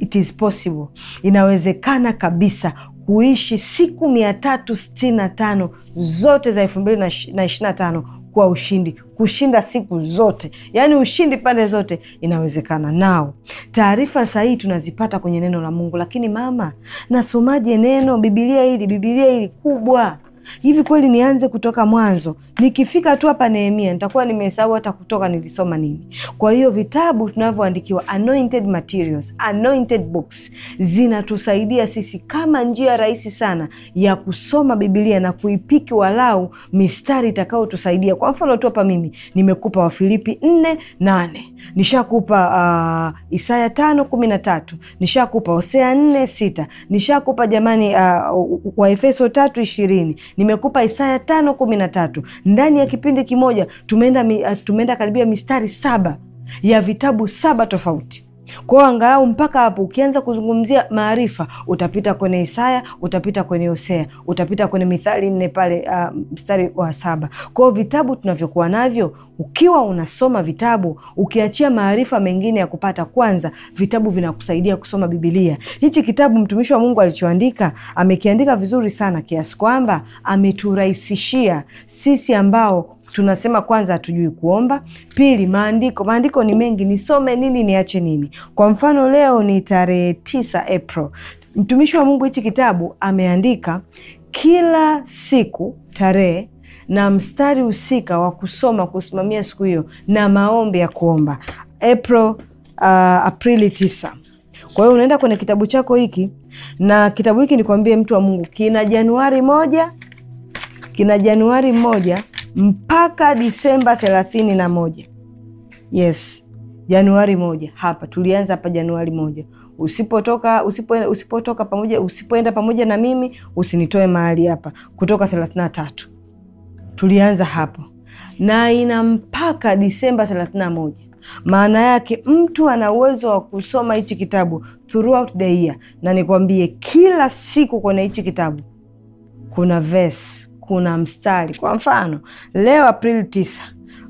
it is possible, inawezekana kabisa kuishi siku 365 zote za 225 kuwa ushindi, kushinda siku zote, yaani ushindi pande zote inawezekana. Nao taarifa sahihi tunazipata kwenye neno la Mungu. Lakini mama, nasomaje neno? Bibilia hili, bibilia hili kubwa hivi kweli nianze kutoka mwanzo? Nikifika tu hapa Nehemia nitakuwa nimehesabu hata kutoka nilisoma nini. Kwa hiyo vitabu tunavyoandikiwa, anointed materials, anointed books, zinatusaidia sisi kama njia rahisi sana ya kusoma Biblia na kuipiki walau mistari itakayotusaidia. Kwa mfano tu hapa mimi nimekupa Wafilipi 48 nishakupa uh, Isaya tano kumi na tatu nishakupa Hosea 46 sita nishakupa jamani, uh, Waefeso tatu ishirini nimekupa Isaya tano kumi na tatu. Ndani ya kipindi kimoja tumeenda, eh, tumeenda karibia mistari saba ya vitabu saba tofauti kwa hiyo angalau mpaka hapo ukianza kuzungumzia maarifa utapita kwenye Isaya, utapita kwenye Hosea, utapita kwenye Mithali nne pale uh, mstari wa saba. Kwa hiyo vitabu tunavyokuwa navyo, ukiwa unasoma vitabu ukiachia maarifa mengine ya kupata, kwanza vitabu vinakusaidia kusoma Bibilia. Hichi kitabu mtumishi wa Mungu alichoandika amekiandika vizuri sana kiasi kwamba ameturahisishia sisi ambao tunasema kwanza hatujui kuomba, pili maandiko, maandiko ni mengi, nisome nini niache nini. Kwa mfano leo ni tarehe tisa April, mtumishi wa Mungu hichi kitabu ameandika kila siku tarehe na mstari husika wa kusoma kusimamia siku hiyo na maombi ya kuomba April, uh, Aprili tisa. Kwa hiyo unaenda kwenye kitabu chako hiki, na kitabu hiki nikwambie, mtu wa Mungu, kina Januari moja, kina Januari moja mpaka Disemba thelathini na moja. Yes, Januari moja hapa tulianza hapa Januari moja. Usipotoka usipo, usipotoka pamoja usipoenda pamoja na mimi usinitoe mahali hapa, kutoka thelathini na tatu tulianza hapo na ina mpaka Disemba thelathini na moja. Maana yake mtu ana uwezo wa kusoma hichi kitabu throughout the year, na nikwambie, kila siku kwenye hichi kitabu kuna verse kuna mstari. Kwa mfano leo Aprili tisa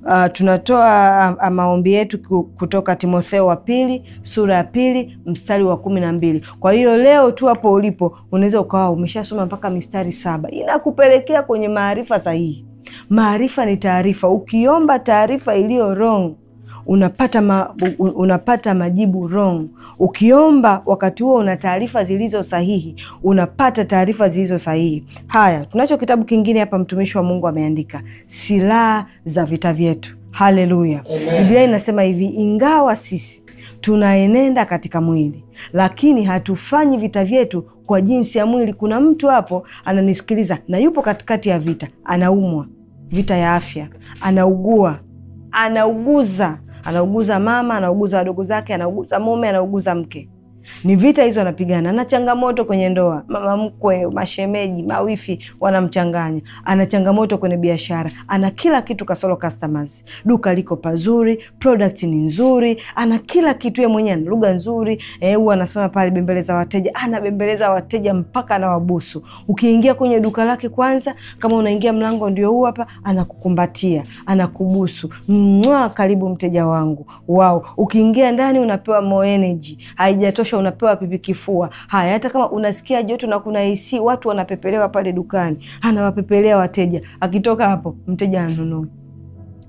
Uh, tunatoa um, uh, maombi yetu kutoka Timotheo wa pili sura ya pili mstari wa kumi na mbili. Kwa hiyo leo tu hapo ulipo unaweza ukawa umeshasoma mpaka mistari saba, inakupelekea kwenye maarifa sahihi. Maarifa ni taarifa, ukiomba taarifa iliyo wrong unapata, ma, unapata majibu wrong. Ukiomba wakati huo una taarifa zilizo sahihi, unapata taarifa zilizo sahihi. Haya, tunacho kitabu kingine hapa, mtumishi wa Mungu ameandika silaha za vita vyetu. Haleluya! Biblia inasema hivi, ingawa sisi tunaenenda katika mwili, lakini hatufanyi vita vyetu kwa jinsi ya mwili. Kuna mtu hapo ananisikiliza na yupo katikati ya vita, anaumwa, vita ya afya, anaugua, anauguza anauguza mama, anauguza wadogo zake, anauguza mume, anauguza mke ni vita hizo anapigana, ana changamoto kwenye ndoa, mama mkwe, mashemeji, mawifi wanamchanganya, ana changamoto kwenye biashara, ana kila kitu kasolo customers. Duka liko pazuri, product ni nzuri, ana kila kitu, yeye mwenyewe ana lugha nzuri, eh, huwa anasema pale bembeleza wateja, anabembeleza wateja mpaka anawabusu. Ukiingia kwenye duka lake kwanza, kama unaingia mlango ndio huu hapa, anakukumbatia, anakubusu, mwa karibu mteja wangu. Wao ukiingia ndani unapewa more energy. Haijatosha unapewa pipi kifua. Haya, hata kama unasikia joto na kuna AC, watu wanapepelewa pale dukani, anawapepelea wateja, akitoka hapo mteja ananunua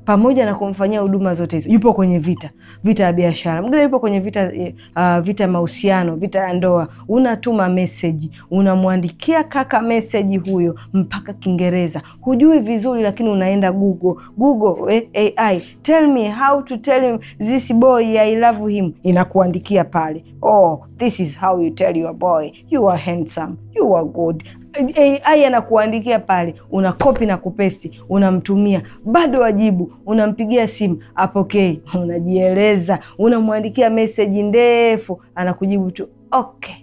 pamoja na kumfanyia huduma zote hizo, yupo kwenye vita, vita ya biashara, mgine yupo kwenye vita uh, vita ya mahusiano, vita ya ndoa. Unatuma meseji, unamwandikia kaka meseji huyo mpaka Kiingereza hujui vizuri, lakini unaenda Google, Google eh, AI tell me how to tell him this boy I love him, inakuandikia pale, oh this is how you tell your boy you are handsome, you are good AI anakuandikia pale, una kopi na kupesi, unamtumia bado wajibu unampigia simu apokee, unajieleza, unamwandikia meseji ndefu, anakujibu tu okay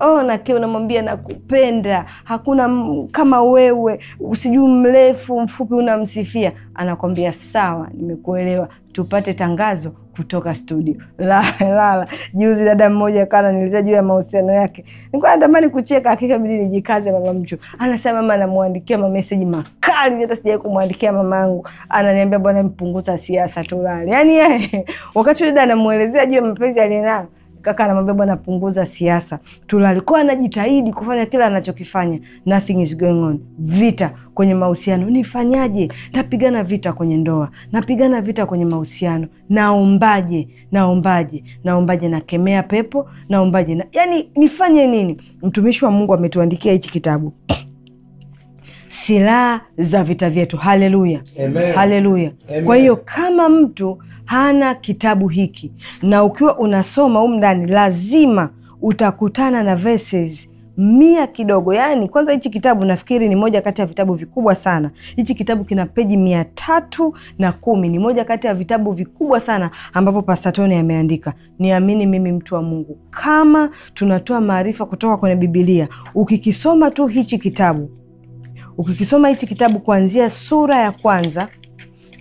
ona oh, kile unamwambia nakupenda, hakuna kama wewe, usijui mrefu mfupi, unamsifia anakwambia sawa, nimekuelewa, tupate tangazo kutoka studio. Lalala juzi dada mmoja kana nilita juu ya mahusiano yake, nilikuwa natamani kucheka, hakika bidi nijikaze. Mama mchu anasema mama anamwandikia mameseji makali, hata sijawai kumwandikia mamangu, ananiambia bwana, mpunguza siasa tulale. Yani yeye wakati dada anamwelezea juu ya mapenzi aliyenayo kaka anamwambia bwana, punguza siasa. Tula alikuwa anajitahidi kufanya kila anachokifanya, nothing is going on. Vita kwenye mahusiano, nifanyaje? Napigana vita kwenye ndoa, napigana vita kwenye mahusiano, naombaje? Naombaje? Naombaje? Nakemea pepo, naombaje? Na, yani nifanye nini? Mtumishi wa Mungu ametuandikia hichi kitabu silaha za vita vyetu. Haleluya, haleluya. Kwa hiyo kama mtu hana kitabu hiki, na ukiwa unasoma hu ndani, lazima utakutana na verses mia kidogo. Yani kwanza hichi kitabu nafikiri ni moja kati ya vitabu vikubwa sana. Hichi kitabu kina peji mia tatu na kumi. Ni moja kati ya vitabu vikubwa sana ambavyo pastatoni ameandika. Niamini mimi, mtu wa Mungu, kama tunatoa maarifa kutoka kwenye Bibilia, ukikisoma tu hichi kitabu Ukikisoma hichi kitabu kuanzia sura ya kwanza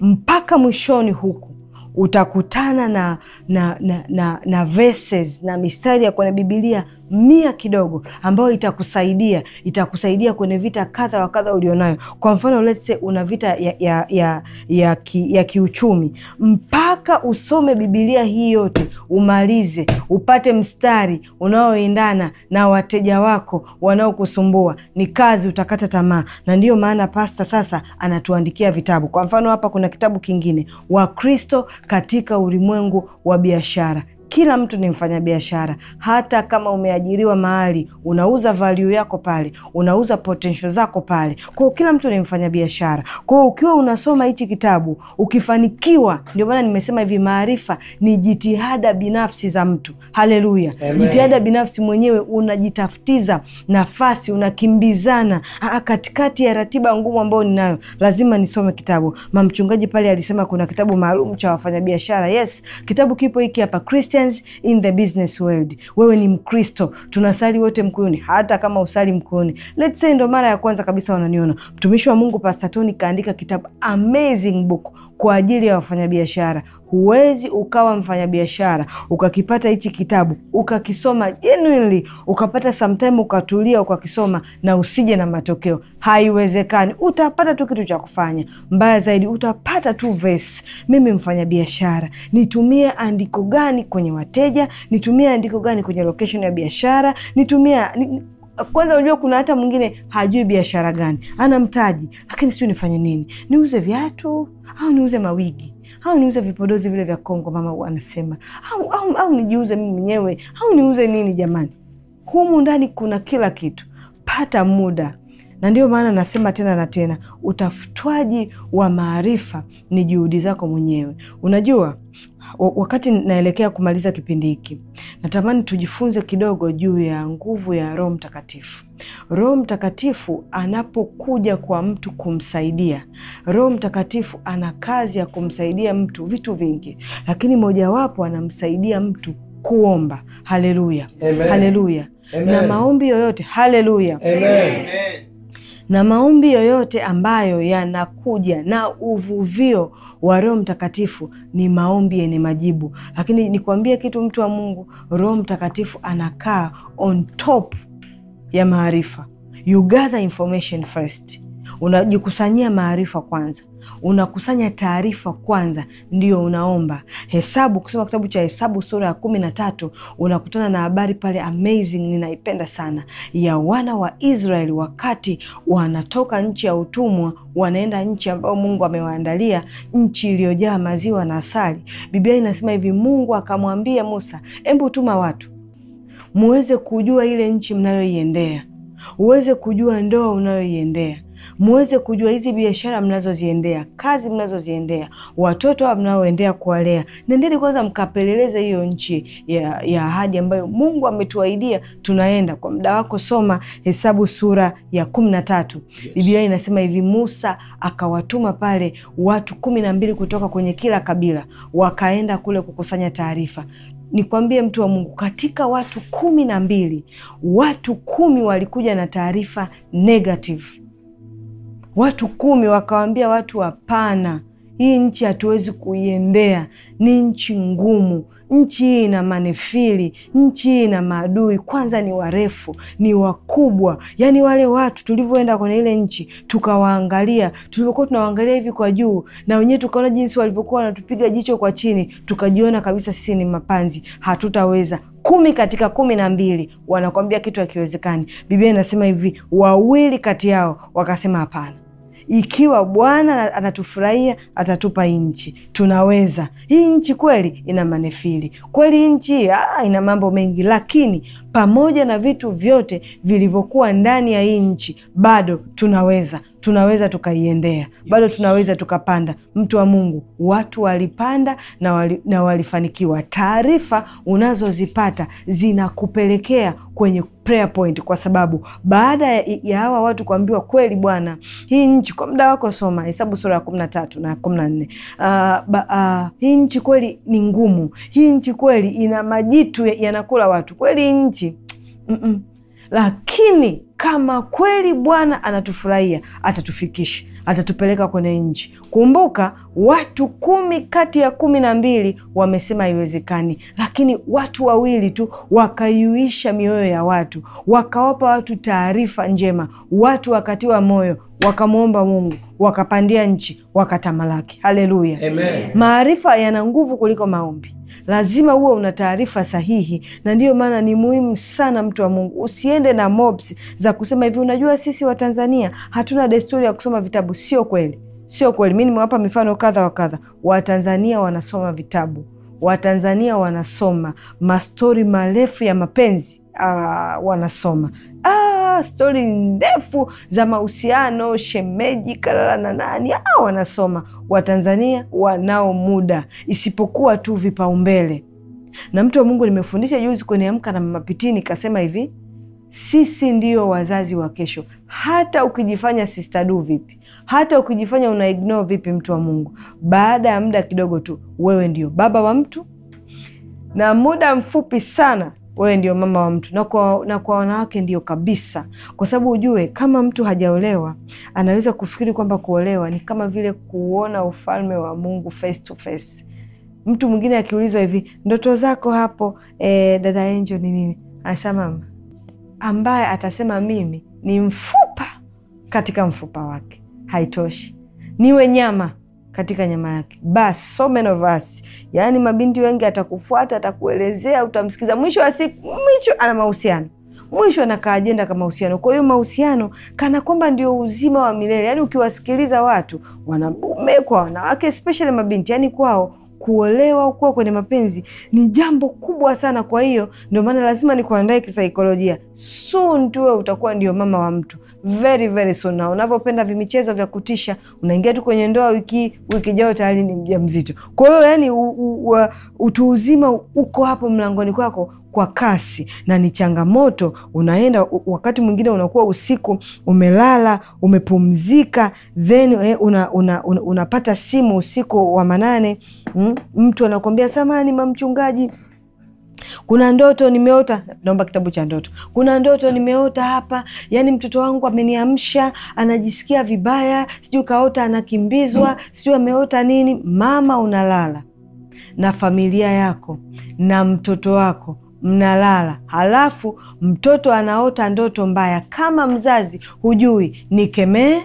mpaka mwishoni huku utakutana na na na, na, na verses na mistari ya kwenye bibilia mia kidogo ambayo itakusaidia itakusaidia kwenye vita kadha wa kadha ulionayo. Kwa mfano let's say una vita ya, ya, ya, ya, ki, ya kiuchumi, mpaka usome Bibilia hii yote umalize, upate mstari unaoendana na wateja wako wanaokusumbua, ni kazi utakata tamaa. Na ndiyo maana pasta sasa anatuandikia vitabu. Kwa mfano hapa kuna kitabu kingine, Wakristo katika ulimwengu wa biashara kila mtu ni mfanyabiashara. Hata kama umeajiriwa mahali, unauza valu yako pale, unauza potensho zako pale. Kwao kila mtu ni mfanyabiashara. Kwao ukiwa unasoma hichi kitabu ukifanikiwa, ndio maana nimesema hivi, maarifa ni jitihada binafsi za mtu. Haleluya! Jitihada binafsi, mwenyewe unajitafutiza nafasi, unakimbizana aa, katikati ya ratiba ngumu ambayo ninayo, lazima nisome kitabu. Mamchungaji pale alisema kuna kitabu maalum cha wafanyabiashara. Yes, kitabu kipo hiki hapa Christian Christians in the business world. Wewe ni Mkristo, tunasali wote mkuuni, hata kama usali mkuuni. Let's say ndo mara ya kwanza kabisa wananiona. Mtumishi wa Mungu Pastor Tony kaandika kitabu amazing book kwa ajili ya wafanyabiashara. Huwezi ukawa mfanyabiashara ukakipata hichi kitabu ukakisoma genuinely, ukapata sometime ukatulia ukakisoma na usije na matokeo, haiwezekani. Utapata tu kitu cha kufanya, mbaya zaidi utapata tu verse. Mimi mfanyabiashara, nitumie andiko gani kwenye wateja? Nitumie andiko gani kwenye location ya biashara? nitumie kwanza unajua kuna hata mwingine hajui biashara gani, ana mtaji lakini sijui nifanye nini, niuze viatu au niuze mawigi au niuze vipodozi vile vya Kongo mama anasema, au au au nijiuze mimi mwenyewe au niuze nini? Jamani, humu ndani kuna kila kitu, pata muda. Na ndio maana nasema tena na tena, utafutwaji wa maarifa ni juhudi zako mwenyewe. Unajua wakati naelekea kumaliza kipindi hiki, natamani tujifunze kidogo juu ya nguvu ya Roho Mtakatifu. Roho Mtakatifu anapokuja kwa mtu kumsaidia, Roho Mtakatifu ana kazi ya kumsaidia mtu vitu vingi, lakini mojawapo anamsaidia mtu kuomba. Haleluya, haleluya na maombi yoyote, haleluya na maombi yoyote ambayo yanakuja na uvuvio wa Roho Mtakatifu ni maombi yenye majibu. Lakini nikuambie kitu, mtu wa Mungu, Roho Mtakatifu anakaa on top ya maarifa. You gather information first unajikusanyia maarifa kwanza, unakusanya taarifa kwanza, ndio unaomba. Hesabu, kusoma kitabu cha Hesabu sura ya kumi na tatu unakutana na habari pale amazing, ninaipenda sana, ya wana wa Israeli wakati wanatoka nchi ya utumwa wanaenda nchi ambayo Mungu amewaandalia, nchi iliyojaa maziwa na asali. Biblia inasema hivi, Mungu akamwambia Musa, embu tuma watu muweze kujua ile nchi mnayoiendea, uweze kujua ndoa unayoiendea muweze kujua hizi biashara mnazoziendea, kazi mnazoziendea, watoto hao mnaoendea kuwalea, nendeni kwanza mkapeleleze hiyo nchi ya, ya ahadi ambayo Mungu ametuahidia tunaenda. Kwa muda wako soma Hesabu sura ya kumi na tatu. Yes. Biblia inasema hivi, Musa akawatuma pale watu kumi na mbili kutoka kwenye kila kabila, wakaenda kule kukusanya taarifa. Nikwambie mtu wa Mungu, katika watu kumi na mbili watu kumi walikuja na taarifa negative Watu kumi wakawaambia watu hapana, hii nchi hatuwezi kuiendea, ni nchi ngumu, nchi hii ina manefili, nchi hii ina maadui. Kwanza ni warefu, ni wakubwa. Yaani wale watu tulivyoenda kwenye ile nchi tukawaangalia, tulivyokuwa tunawaangalia hivi kwa juu, na wenyewe tukaona jinsi walivyokuwa wanatupiga jicho kwa chini, tukajiona kabisa sisi ni mapanzi, hatutaweza. Kumi katika kumi na mbili wanakwambia kitu hakiwezekani. Biblia inasema hivi, wawili kati yao wakasema hapana. Ikiwa Bwana anatufurahia atatupa nchi, tunaweza. Hii nchi kweli ina manefili kweli, nchi ina mambo mengi, lakini pamoja na vitu vyote vilivyokuwa ndani ya hii nchi, bado tunaweza tunaweza tukaiendea, bado tunaweza tukapanda. Mtu wa Mungu, watu walipanda na, wali, na walifanikiwa. Taarifa unazozipata zinakupelekea kwenye prayer point, kwa sababu baada ya hawa watu kuambiwa kweli, Bwana, hii nchi kwa muda wako, soma Hesabu sura ya kumi na tatu na kumi na nne uh, uh, hii nchi kweli ni ngumu, hii nchi kweli ina majitu yanakula watu, kweli nchi mm -mm. Lakini kama kweli Bwana anatufurahia atatufikisha, atatupeleka kwenye nchi. Kumbuka watu kumi kati ya kumi na mbili wamesema haiwezekani, lakini watu wawili tu wakaiuisha mioyo ya watu, wakawapa watu taarifa njema, watu wakatiwa moyo, wakamwomba Mungu, wakapandia nchi, wakatamalaki. Haleluya, amen. Maarifa yana nguvu kuliko maombi lazima uwe una taarifa sahihi, na ndiyo maana ni muhimu sana, mtu wa Mungu, usiende na mobs za kusema hivi, unajua sisi Watanzania hatuna desturi ya kusoma vitabu. Sio kweli, sio kweli. Mi nimewapa mifano kadha wa kadha. Watanzania wanasoma vitabu, Watanzania wanasoma mastori marefu ya mapenzi uh, wanasoma ah, stori ndefu za mahusiano, shemeji kalala na nani. Ah, wanasoma Watanzania wanao muda, isipokuwa tu vipaumbele. Na mtu wa Mungu nimefundisha juzi kwenye Amka na Mapitini, kasema hivi sisi ndio wazazi wa kesho. Hata ukijifanya sistadu vipi, hata ukijifanya una ignore vipi, mtu wa Mungu, baada ya muda kidogo tu wewe ndio baba wa mtu, na muda mfupi sana wewe ndio mama wa mtu, na kwa, na kwa wanawake ndio kabisa, kwa sababu ujue kama mtu hajaolewa anaweza kufikiri kwamba kuolewa ni kama vile kuona ufalme wa Mungu face to face. Mtu mwingine akiulizwa hivi, ndoto zako hapo e, dada Angel ni nini? Anasema mama, ambaye atasema mimi ni mfupa katika mfupa wake haitoshi, niwe nyama katika nyama yake. Basi so many of us, yaani mabinti wengi, atakufuata atakuelezea, utamsikiza, mwisho wa siku, mwisho ana mahusiano mwisho ajenda kama mahusiano. Kwa hiyo mahusiano kana kwamba ndio uzima wa milele. Yaani ukiwasikiliza watu wanabume kwa wanawake especially mabinti, yaani kwao kuolewa au kuwa kwenye mapenzi ni jambo kubwa sana. Kwa hiyo ndio maana lazima nikuandae kisaikolojia. Soon tuwe utakuwa ndio mama wa mtu, very very soon, na unavyopenda vimichezo vya kutisha, unaingia tu kwenye ndoa, wiki wiki jao tayari ni mjamzito. Kwa hiyo yani utu uzima uko hapo mlangoni kwako kwa kasi na ni changamoto. Unaenda wakati mwingine unakuwa usiku umelala umepumzika, then eh, una, una, una, unapata simu usiku wa manane, mm, mtu anakuambia samani mamchungaji kuna ndoto nimeota, naomba kitabu cha ndoto. Kuna ndoto nimeota hapa, yani mtoto wangu ameniamsha, anajisikia vibaya, sijui kaota anakimbizwa, sijui ameota nini. Mama unalala na familia yako na mtoto wako mnalala, halafu mtoto anaota ndoto mbaya. Kama mzazi hujui nikemee,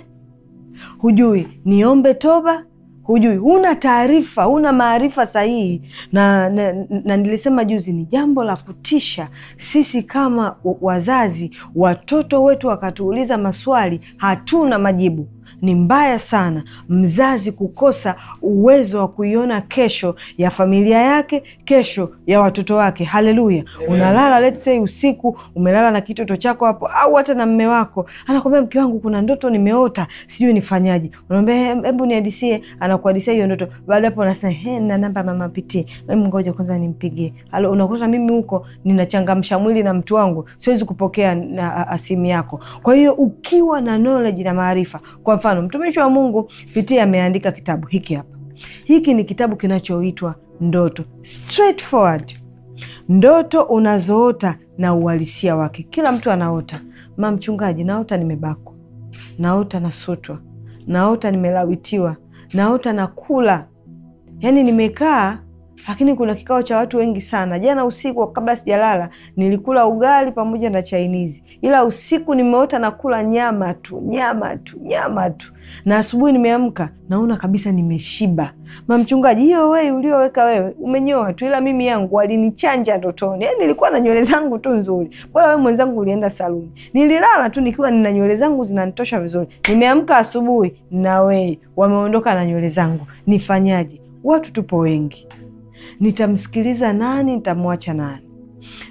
hujui niombe toba hujui, huna taarifa, huna maarifa sahihi na, na, na nilisema juzi, ni jambo la kutisha sisi kama wazazi, watoto wetu wakatuuliza maswali hatuna majibu ni mbaya sana mzazi kukosa uwezo wa kuiona kesho ya familia yake, kesho ya watoto wake. Haleluya! Unalala let's say usiku, umelala na kitoto chako hapo, au hata na mme wako, anakwambia mke wangu, kuna ndoto nimeota, sijui nifanyaje. Unaambia hebu niadisie anakuadisia hiyo ndoto. Baada hapo anasema he, na namba mama pitie mimi ngoja kwanza nimpigie. Halo, unakuta mimi huko ninachangamsha mwili na mtu wangu, siwezi kupokea na simu yako. Kwa hiyo ukiwa na knowledge na maarifa kwa mfano mtumishi wa Mungu Pitia ameandika kitabu hiki hapa. Hiki ni kitabu kinachoitwa Ndoto Straightforward, ndoto unazoota na uhalisia wake. Kila mtu anaota, ma mchungaji, naota nimebakwa, naota nasutwa, naota nimelawitiwa, naota nakula, yaani nimekaa lakini kuna kikao cha watu wengi sana. Jana usiku kabla sijalala, nilikula ugali pamoja na chainizi, ila usiku nimeota nakula nyama tu nyama tu nyama tu, na asubuhi nimeamka naona kabisa nimeshiba. Mamchungaji, hiyo wei ulioweka wewe umenyoa tu, ila mimi yangu walinichanja totoni. Yani nilikuwa na nywele zangu tu nzuri, bora wewe mwenzangu ulienda saluni. Nililala tu nikiwa nina nywele zangu zinanitosha vizuri, nimeamka asubuhi na wei wameondoka na nywele zangu. Nifanyaje? Watu tupo wengi nitamsikiliza nani, nitamwacha nani.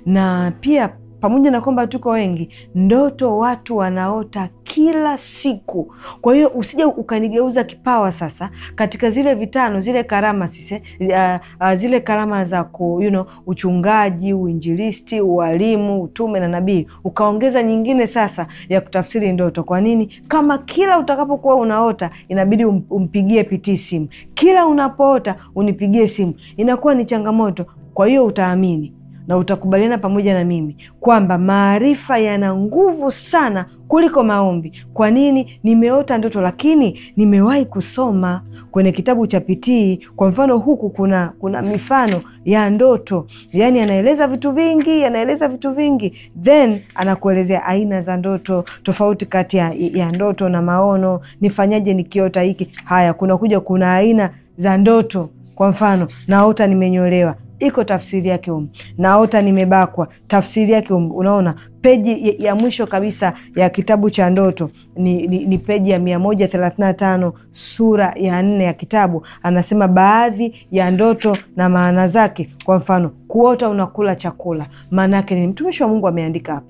Na pia pamoja na kwamba tuko wengi, ndoto watu wanaota kila siku. Kwa hiyo usije ukanigeuza kipawa sasa katika zile vitano zile karama sise, uh, uh, zile karama za ku, you know, uchungaji, uinjilisti, ualimu, utume na nabii, ukaongeza nyingine sasa ya kutafsiri ndoto. Kwa nini? Kama kila utakapokuwa unaota inabidi um, umpigie pitii simu, kila unapoota unipigie simu, inakuwa ni changamoto. Kwa hiyo utaamini na utakubaliana pamoja na mimi kwamba maarifa yana nguvu sana kuliko maombi. Kwa nini? Nimeota ndoto, lakini nimewahi kusoma kwenye kitabu cha Pitii. Kwa mfano, huku kuna kuna mifano ya ndoto, yani anaeleza vitu vingi, anaeleza vitu vingi, then anakuelezea aina za ndoto, tofauti kati ya, ya ndoto na maono. Nifanyaje nikiota hiki? Haya, kuna kuja, kuna aina za ndoto. Kwa mfano, naota nimenyolewa iko tafsiri yake humu. Naota nimebakwa, tafsiri yake humu. Unaona peji ya mwisho kabisa ya kitabu cha ndoto ni, ni, ni peji ya mia moja thelathini tano sura ya nne ya kitabu. Anasema baadhi ya ndoto na maana zake, kwa mfano kuota unakula chakula, maana yake ni mtumishi wa Mungu ameandika hapa,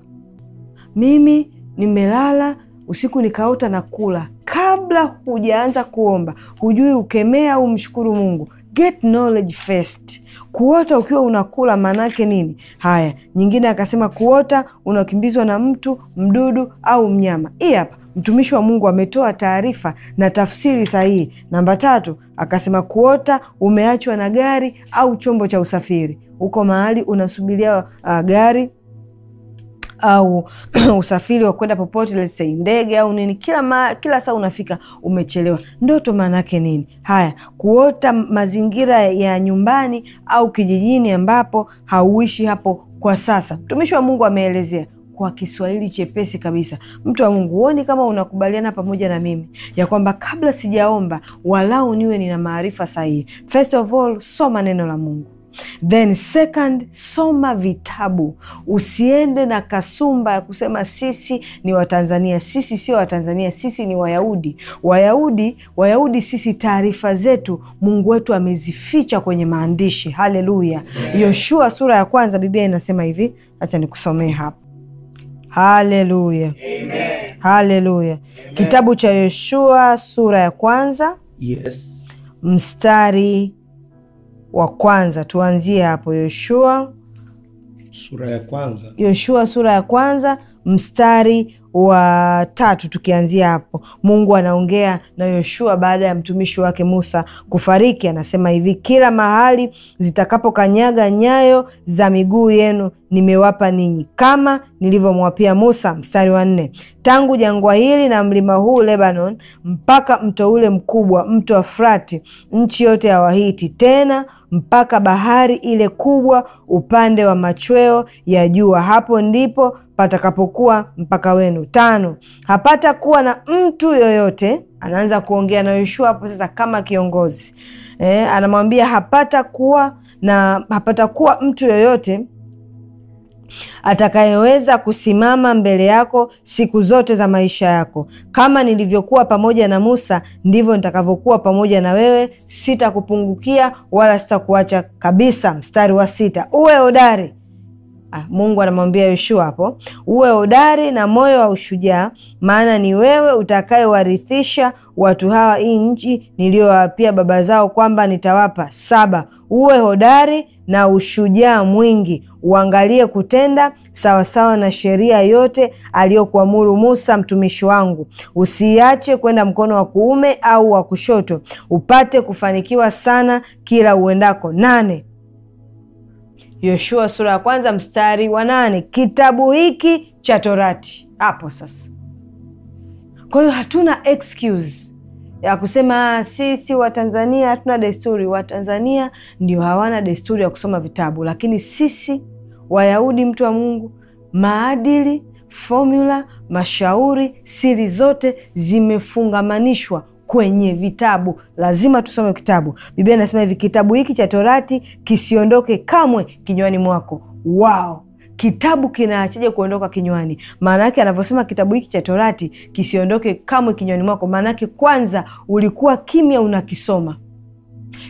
mimi nimelala usiku nikaota na kula. Kabla hujaanza kuomba, hujui ukemea au mshukuru Mungu get knowledge first. Kuota ukiwa unakula maanake nini? Haya, nyingine akasema kuota unakimbizwa na mtu, mdudu au mnyama. Hii hapa mtumishi wa Mungu ametoa taarifa na tafsiri sahihi. Namba tatu akasema kuota umeachwa na gari au chombo cha usafiri, uko mahali unasubiria uh, gari au usafiri wa kwenda popote, let's say ndege au nini, kila, ma, kila saa unafika umechelewa. Ndoto maana yake nini? Haya, kuota mazingira ya nyumbani au kijijini ambapo hauishi hapo kwa sasa. Mtumishi wa Mungu ameelezea kwa Kiswahili chepesi kabisa. Mtu wa Mungu, huoni kama unakubaliana pamoja na mimi ya kwamba kabla sijaomba walau niwe nina maarifa sahihi? First of all, soma neno la Mungu. Then second, soma vitabu, usiende na kasumba ya kusema sisi ni Watanzania. Sisi sio Watanzania, sisi ni Wayahudi. Wayahudi, Wayahudi sisi, taarifa zetu Mungu wetu amezificha kwenye maandishi. Haleluya, Yoshua sura ya kwanza, Biblia inasema hivi, hacha nikusomee hapa. Haleluya, haleluya. Kitabu cha Yoshua sura ya kwanza, yes. mstari wa kwanza, tuanzie hapo. Yoshua sura ya kwanza, Yoshua sura ya kwanza mstari wa tatu tukianzia hapo, Mungu anaongea na Yoshua baada ya mtumishi wake Musa kufariki. Anasema hivi, kila mahali zitakapokanyaga nyayo za miguu yenu nimewapa ninyi, kama nilivyomwapia Musa. Mstari wa nne, tangu jangwa hili na mlima huu Lebanon mpaka mto ule mkubwa, mto wa Frati, nchi yote ya Wahiti, tena mpaka bahari ile kubwa upande wa machweo ya jua, hapo ndipo patakapokuwa mpaka wenu. Tano, hapata kuwa na mtu yoyote. Anaanza kuongea na Yoshua hapo sasa kama kiongozi eh, anamwambia hapata kuwa na hapata kuwa mtu yoyote atakayeweza kusimama mbele yako siku zote za maisha yako. Kama nilivyokuwa pamoja na Musa, ndivyo nitakavyokuwa pamoja na wewe, sitakupungukia wala sitakuacha kabisa. Mstari wa sita, uwe hodari Ah, Mungu anamwambia Yoshua hapo, uwe hodari na moyo wa ushujaa, maana ni wewe utakayewarithisha watu hawa hii nchi niliyowapia baba zao kwamba nitawapa. Saba, uwe hodari na ushujaa mwingi, uangalie kutenda sawasawa sawa na sheria yote aliyokuamuru Musa mtumishi wangu. Usiache kwenda mkono wa kuume au wa kushoto, upate kufanikiwa sana kila uendako. nane. Yoshua sura ya kwanza mstari wa nane. Kitabu hiki cha Torati hapo sasa. Kwa hiyo hatuna excuse ya kusema sisi Watanzania hatuna desturi. Watanzania ndio hawana desturi ya kusoma vitabu, lakini sisi Wayahudi, mtu wa Mungu, maadili, fomula, mashauri, siri zote zimefungamanishwa kwenye vitabu. Lazima tusome kitabu. Biblia inasema hivi, kitabu hiki cha Torati kisiondoke kamwe kinywani mwako. Wao kitabu kinaachija kuondoka kinywani. Maana yake anavyosema kitabu hiki cha Torati kisiondoke kamwe kinywani mwako. maanaake kwanza ulikuwa kimya unakisoma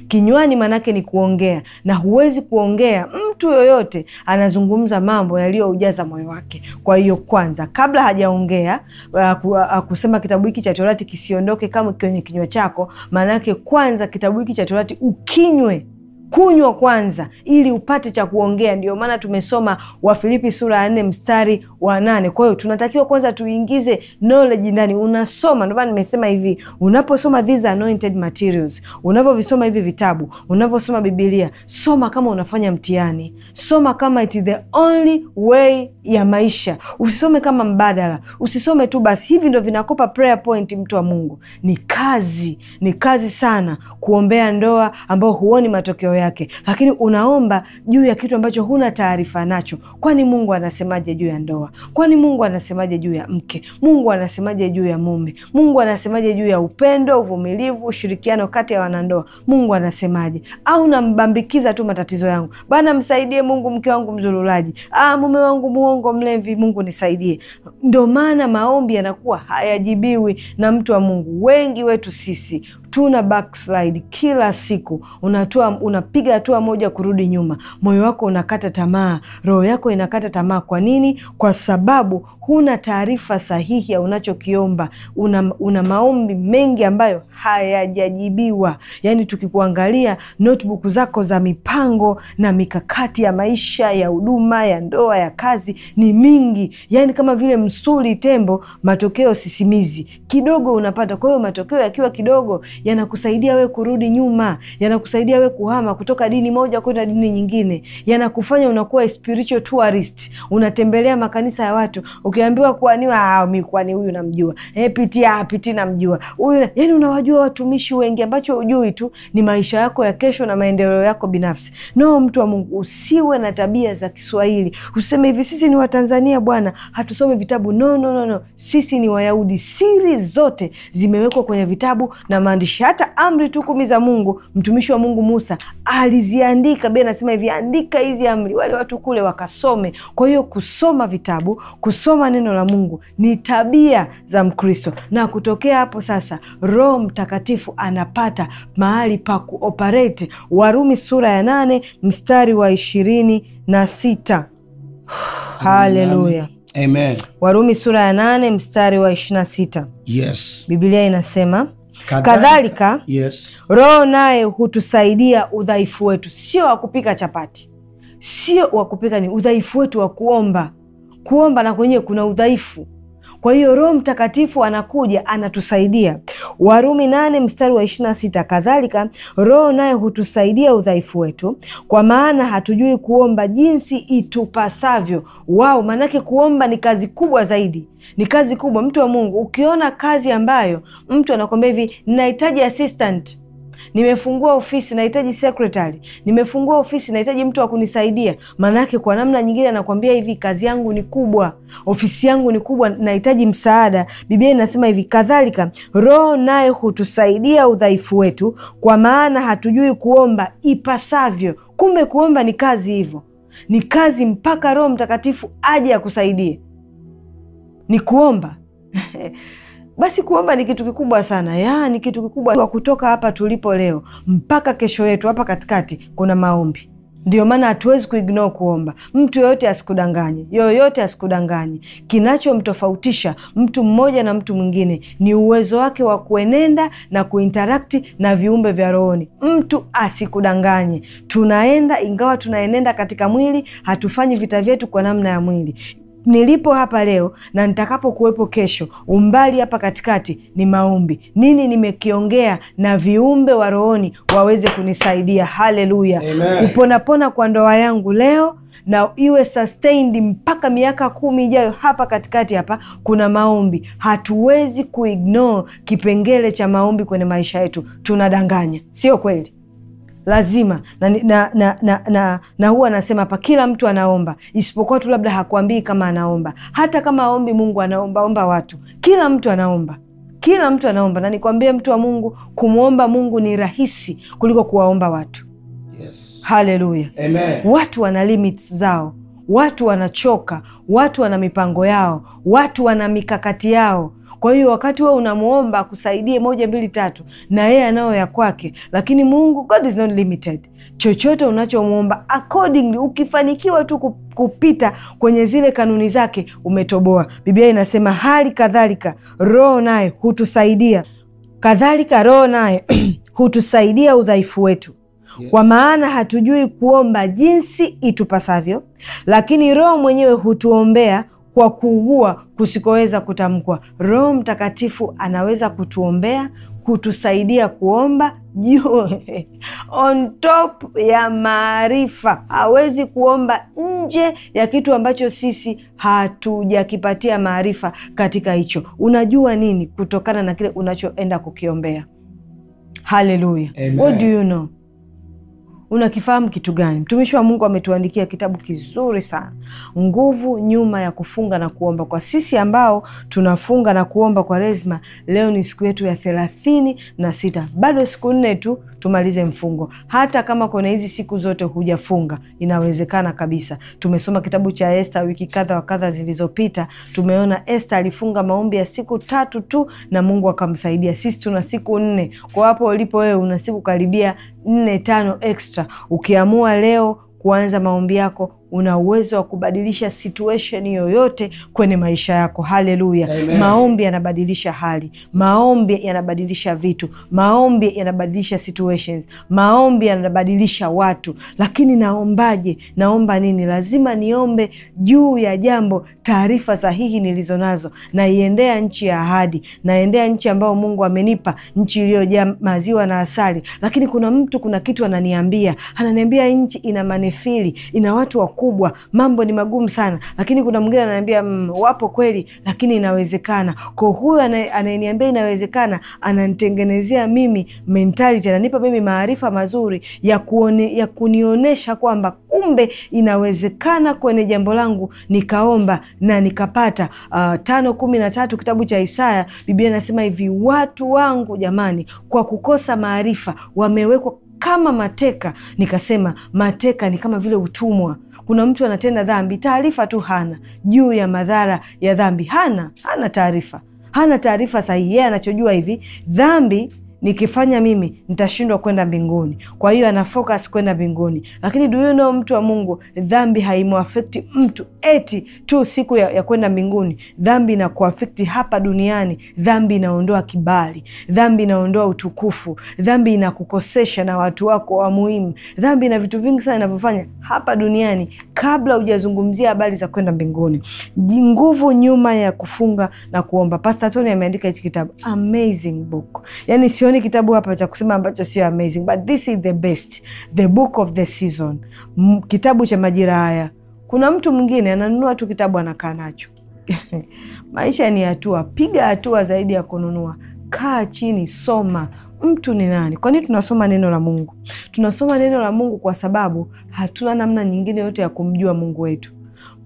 kinywani maanaake ni kuongea, na huwezi kuongea. Mtu yoyote anazungumza mambo yaliyoujaza moyo wake. Kwa hiyo kwanza, kabla hajaongea uh, uh, uh, kusema kitabu hiki cha Torati kisiondoke kama kwenye kinywa chako, maanaake kwanza kitabu hiki cha Torati ukinywe kunywa kwanza ili upate cha kuongea. Ndio maana tumesoma Wafilipi sura ya nne mstari wa nane. Kwa hiyo tunatakiwa kwanza tuingize knowledge ndani. Unasoma, ndio maana nimesema hivi, unaposoma these anointed materials, unavyovisoma hivi vitabu, unavyosoma Biblia, soma kama unafanya mtihani, soma kama it is the only way ya maisha. Usisome kama mbadala, usisome tu basi. Hivi ndio vinakopa prayer point, mtu wa Mungu. Ni kazi, ni kazi sana kuombea ndoa ambao huoni matokeo yake, lakini unaomba juu ya kitu ambacho huna taarifa nacho. Kwani Mungu anasemaje juu ya ndoa? Kwani Mungu anasemaje juu ya mke? Mungu anasemaje juu ya mume? Mungu anasemaje juu ya upendo, uvumilivu, ushirikiano kati ya wanandoa? Mungu anasemaje? Au nambambikiza tu matatizo yangu, bana, msaidie Mungu, mke wangu mzululaji, ah, mume wangu muongo, mlevi, Mungu nisaidie. Ndo maana maombi yanakuwa hayajibiwi na mtu wa Mungu. Wengi wetu sisi tuna backslide kila siku, unatua, unapiga hatua moja kurudi nyuma, moyo wako unakata tamaa, roho yako inakata tamaa. Kwa nini? Kwa sababu huna taarifa sahihi ya unachokiomba. Una, una maombi mengi ambayo hayajajibiwa. Yaani tukikuangalia notebook zako za mipango na mikakati ya maisha ya huduma ya ndoa ya kazi ni mingi, yaani kama vile msuli tembo, matokeo sisimizi kidogo unapata. Kwa hiyo matokeo yakiwa kidogo yanakusaidia we kurudi nyuma, yanakusaidia we kuhama kutoka dini moja kwenda dini nyingine, yanakufanya unakuwa spiritual tourist, unatembelea makanisa ya watu. Ukiambiwa kuaniwa ah, mi kwani huyu namjua, e, eh, piti piti namjua huyu, yani unawajua watumishi wengi, ambacho ujui tu ni maisha yako ya kesho na maendeleo yako binafsi. No, mtu wa Mungu, usiwe na tabia za Kiswahili, useme hivi sisi ni Watanzania bwana, hatusome vitabu. No, no, no, no, sisi ni Wayahudi. Siri zote zimewekwa kwenye vitabu na maandishi kuziishi. Hata amri tu kumi za Mungu, mtumishi wa Mungu Musa aliziandika. Biblia anasema hivi, andika hizi amri, wale watu kule wakasome. Kwa hiyo kusoma vitabu, kusoma neno la Mungu ni tabia za Mkristo, na kutokea hapo sasa Roho Mtakatifu anapata mahali pa kuoperate. Warumi sura ya nane mstari wa ishirini na sita. Haleluya. Amen. Warumi sura ya nane mstari wa ishirini sita. Yes. Biblia inasema Kadhalika yes. Roho naye hutusaidia udhaifu wetu, sio wa kupika chapati, sio wa kupika ni udhaifu wetu wa kuomba. Kuomba na kwenyewe kuna udhaifu kwa hiyo Roho Mtakatifu anakuja anatusaidia. Warumi nane mstari wa ishirini na sita kadhalika Roho naye hutusaidia udhaifu wetu, kwa maana hatujui kuomba jinsi itupasavyo. Wao maanake kuomba ni kazi kubwa zaidi, ni kazi kubwa. Mtu wa Mungu, ukiona kazi ambayo mtu anakwambia hivi, nahitaji assistant nimefungua ofisi nahitaji secretary, nimefungua ofisi nahitaji mtu wa kunisaidia. kwa namna nyingine anakwambia hivi, kazi yangu ni kubwa, ofisi yangu ni kubwa, nahitaji msaada. Biblia inasema hivi, kadhalika Roho naye hutusaidia udhaifu wetu, kwa maana hatujui kuomba ipasavyo. Kumbe kuomba ni kazi, hivyo ni kazi mpaka Roho Mtakatifu aje akusaidie, ni kuomba Basi kuomba ni kitu kikubwa sana, ya ni kitu kikubwa wa kutoka hapa tulipo leo mpaka kesho yetu, hapa katikati kuna maombi. Ndio maana hatuwezi kuigno kuomba. Mtu yoyote asikudanganye, yoyote asikudanganye. Kinachomtofautisha mtu mmoja na mtu mwingine ni uwezo wake wa kuenenda na kuinterakti na viumbe vya rohoni. Mtu asikudanganye. Tunaenda ingawa tunaenenda katika mwili, hatufanyi vita vyetu kwa namna ya mwili nilipo hapa leo na nitakapokuwepo kesho, umbali hapa katikati ni maombi. Nini nimekiongea na viumbe wa rohoni waweze kunisaidia. Haleluya! kuponapona kwa ndoa yangu leo na iwe sustained mpaka miaka kumi ijayo. Hapa katikati hapa kuna maombi, hatuwezi kuignore kipengele cha maombi kwenye maisha yetu. Tunadanganya, sio kweli? lazima na, na, na, na, na, na huwa anasema hapa kila mtu anaomba, isipokuwa tu labda hakuambii kama anaomba. Hata kama aombi Mungu anaomba watu, kila mtu anaomba kila mtu anaomba, na nikuambie mtu wa Mungu, kumwomba Mungu ni rahisi kuliko kuwaomba watu. Yes. Haleluya, Watu wana limits zao, watu wanachoka, watu wana mipango yao, watu wana mikakati yao kwa hiyo wakati wewe unamuomba akusaidie moja mbili tatu, na yeye anayo ya kwake, lakini Mungu, God is not limited. Chochote unachomwomba accordingly, ukifanikiwa tu kupita kwenye zile kanuni zake umetoboa. Biblia inasema hali kadhalika Roho naye hutusaidia, kadhalika Roho naye hutusaidia udhaifu wetu Yes. Kwa maana hatujui kuomba jinsi itupasavyo, lakini Roho mwenyewe hutuombea kwa kuugua kusikoweza kutamkwa. Roho Mtakatifu anaweza kutuombea, kutusaidia kuomba juu on top ya maarifa. Hawezi kuomba nje ya kitu ambacho sisi hatujakipatia maarifa katika hicho. Unajua nini kutokana na kile unachoenda kukiombea? Haleluya! What do you know? unakifahamu kitu gani? Mtumishi wa Mungu ametuandikia kitabu kizuri sana, nguvu nyuma ya kufunga na kuomba. Kwa sisi ambao tunafunga na kuomba kwa rezma leo ni siku yetu ya thelathini na sita, bado siku nne tu tumalize mfungo. Hata kama kuna hizi siku zote hujafunga, inawezekana kabisa. Tumesoma kitabu cha Esta wiki kadha wa kadha zilizopita, tumeona Esta alifunga maombi ya siku tatu tu na Mungu akamsaidia. Sisi tuna siku nne, kwa hapo ulipo wewe una siku karibia nne tano extra. Ukiamua leo kuanza maombi yako una uwezo wa kubadilisha situation yoyote kwenye maisha yako. Haleluya! Maombi yanabadilisha hali, maombi yanabadilisha vitu, maombi yanabadilisha situations, maombi yanabadilisha watu. Lakini naombaje? Naomba nini? Lazima niombe juu ya jambo, taarifa sahihi nilizonazo. Naiendea nchi ya ahadi, naendea nchi ambayo Mungu amenipa, nchi iliyojaa maziwa na asali. Lakini kuna mtu, kuna kitu ananiambia, ananiambia nchi ina manefili, ina watu wa makubwa, mambo ni magumu sana, lakini kuna mwingine ananiambia mm, wapo kweli, lakini inawezekana. Kwa huyo anayeniambia inawezekana ananitengenezea mimi mentality, ananipa mimi maarifa mazuri ya, kuone, ya kunionyesha kwamba kumbe inawezekana kwenye jambo langu, nikaomba na nikapata. Uh, tano kumi na tatu kitabu cha Isaya, Biblia inasema hivi, watu wangu jamani, kwa kukosa maarifa wamewekwa kama mateka. Nikasema mateka ni kama vile utumwa. Kuna mtu anatenda dhambi, taarifa tu hana juu ya madhara ya dhambi, hana hana taarifa, hana taarifa sahihi. Yeye anachojua hivi dhambi nikifanya mimi nitashindwa kwenda mbinguni. Kwa hiyo ana focus kwenda mbinguni, lakini do you know, mtu wa Mungu, dhambi haimwafekti mtu eti tu siku ya, ya kwenda mbinguni. Dhambi inakuafekti hapa duniani. Dhambi inaondoa kibali, dhambi inaondoa utukufu, dhambi inakukosesha na watu wako wa muhimu, dhambi na vitu vingi sana inavyofanya hapa duniani, kabla hujazungumzia habari za kwenda mbinguni. Nguvu nyuma ya kufunga na kuomba. Pastor Tony ameandika hichi kitabu amazing book, yani sio sioni kitabu hapa cha kusema ambacho sio amazing, but this is the best, the book of the season, kitabu cha majira haya. Kuna mtu mwingine ananunua tu kitabu anakaa nacho maisha ni hatua, piga hatua zaidi ya kununua. Kaa chini, soma mtu ni nani. Kwa nini tunasoma neno la Mungu? Tunasoma neno la Mungu kwa sababu hatuna namna nyingine yote ya kumjua Mungu wetu.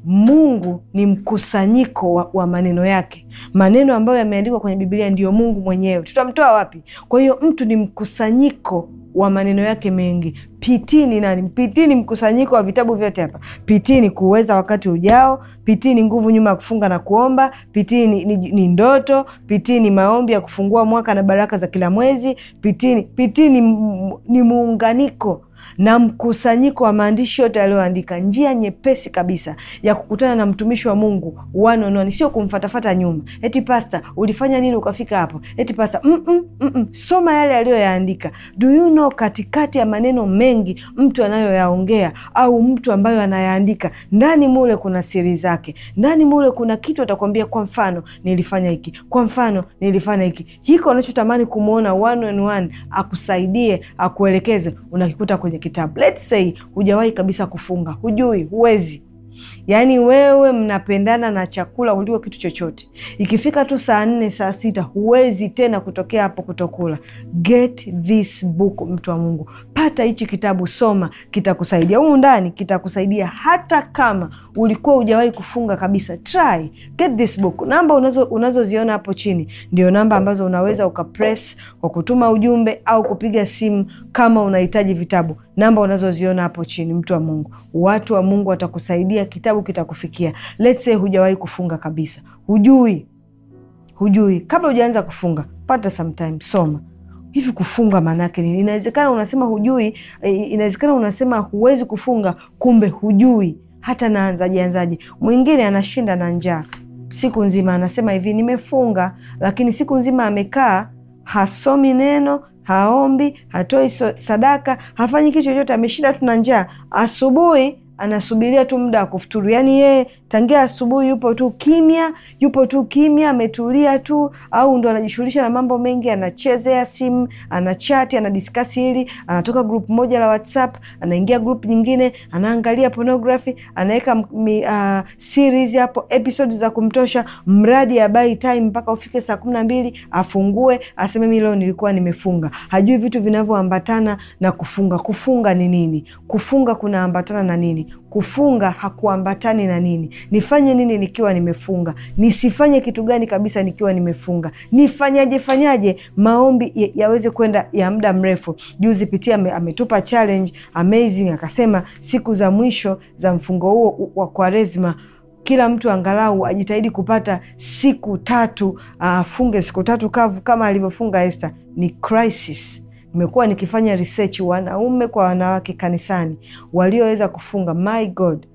Mungu ni mkusanyiko wa, wa maneno yake. Maneno ambayo yameandikwa kwenye Biblia ndiyo Mungu mwenyewe. Tutamtoa wapi? Kwa hiyo mtu ni mkusanyiko wa maneno yake mengi. Pitini nani? Pitini mkusanyiko wa vitabu vyote hapa. Pitini kuweza wakati ujao. Pitini nguvu nyuma ya kufunga na kuomba. Pitini ni, ni, ni ndoto. Pitini maombi ya kufungua mwaka na baraka za kila mwezi. Pitini pitini ni muunganiko na mkusanyiko wa maandishi yote aliyoandika. Njia nyepesi kabisa ya kukutana na mtumishi wa Mungu one on one, sio kumfatafata nyuma, eti pasta, ulifanya nini ukafika hapo? Eti pasta, mm -mm, mm -mm. Soma yale aliyoyaandika. Do you know, katikati ya maneno mengi mtu anayoyaongea au mtu ambayo anayaandika, ndani mule kuna siri zake, ndani mule kuna kitu atakwambia. Kwa mfano nilifanya hiki, kwa mfano nilifanya hiki. Hiko unachotamani kumwona one on one, akusaidie akuelekeze, unakikuta kwenye kwenye kitabu. Let's say hujawahi kabisa kufunga, hujui, huwezi Yaani wewe mnapendana na chakula kuliko kitu chochote. Ikifika tu saa nne saa sita huwezi tena kutokea hapo kutokula. Get this book, mtu wa Mungu, pata hichi kitabu, soma, kitakusaidia humu ndani, kitakusaidia hata kama ulikuwa hujawahi kufunga kabisa. Try get this book. Namba unazoziona hapo chini ndio namba ambazo unaweza ukapress kwa kutuma ujumbe au kupiga simu kama unahitaji vitabu namba unazoziona hapo chini, mtu wa Mungu, watu wa Mungu watakusaidia, kitabu kitakufikia. Let's say hujawahi kufunga kabisa, hujui hujui, kabla hujaanza kufunga, pata sometime, soma hivi kufunga maanake nini? Inawezekana unasema hujui, inawezekana unasema huwezi kufunga, kumbe hujui hata naanzaje anzaje. Mwingine anashinda na njaa siku nzima, anasema hivi nimefunga, lakini siku nzima amekaa hasomi neno haombi, hatoi sadaka, hafanyi kitu chochote, ameshinda, tuna njaa. Asubuhi anasubiria tu muda wa kufuturu. Yaani yeye tangia asubuhi yupo tu kimya, yupo tu kimya, ametulia tu, au ndo anajishughulisha na mambo mengi, anachezea simu, anachati, anadiskasi hili, anatoka grupu moja la WhatsApp anaingia grupu nyingine, anaangalia pornography, anaweka uh, series hapo episode za kumtosha, mradi ya buy time mpaka ufike saa kumi na mbili afungue aseme mi leo nilikuwa nimefunga. Hajui vitu vinavyoambatana na kufunga. Kufunga ni nini? Kufunga kunaambatana na nini? Kufunga hakuambatani na nini? Nifanye nini nikiwa nimefunga? Nisifanye kitu gani kabisa nikiwa nimefunga? Nifanyaje fanyaje maombi yaweze kwenda ya muda mrefu? Juzi Pitia ametupa challenge amazing, akasema siku za mwisho za mfungo huo wa kwarezma kila mtu angalau ajitahidi kupata siku tatu afunge, uh, siku tatu kavu kama alivyofunga Esta. Ni crisis Nimekuwa nikifanya research wanaume kwa wanawake kanisani walioweza kufunga, my God,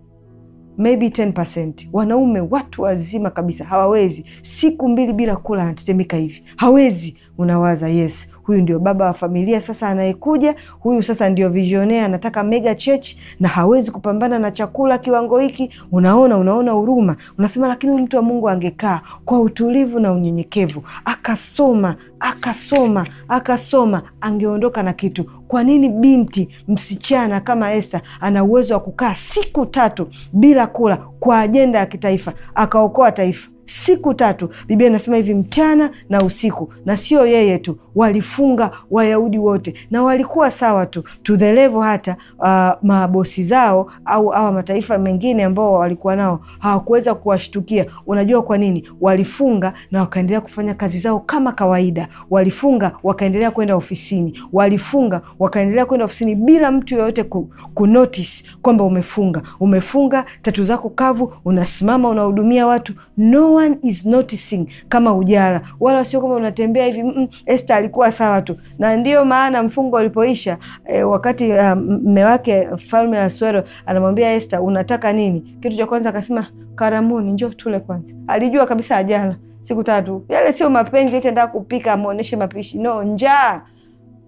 maybe 10%. Wanaume watu wazima kabisa hawawezi siku mbili bila kula, anatetemeka hivi, hawezi. Unawaza yes, huyu ndio baba wa familia sasa anayekuja, huyu sasa ndio visionea, anataka mega church na hawezi kupambana na chakula kiwango hiki. Unaona, unaona huruma, unasema lakini mtu wa Mungu angekaa kwa utulivu na unyenyekevu, akasoma akasoma akasoma, angeondoka na kitu. Kwa nini binti msichana kama Esta ana uwezo wa kukaa siku tatu bila kula kwa ajenda ya kitaifa, akaokoa taifa? siku tatu. Biblia inasema hivi, mchana na usiku, na sio yeye tu, walifunga Wayahudi wote, na walikuwa sawa tu to hata uh, mabosi zao au awa mataifa mengine ambao walikuwa nao hawakuweza kuwashtukia. Unajua kwa nini? Walifunga na wakaendelea kufanya kazi zao kama kawaida, walifunga wakaendelea kwenda ofisini, walifunga wakaendelea kwenda ofisini bila mtu yoyote ku, ku notice kwamba umefunga. Umefunga tatu zako kavu, unasimama unahudumia watu no one is noticing kama ujala wala sio kama unatembea hivi mm, mm, Esther alikuwa sawa tu, na ndio maana mfungo ulipoisha e, wakati eh, mme um, wake mfalme wa Swero anamwambia Esther, unataka nini? Kitu cha kwanza akasema karamuni, njoo tule kwanza. Alijua kabisa ajala siku tatu, yale sio mapenzi yote, anataka kupika amuoneshe mapishi, no, njaa.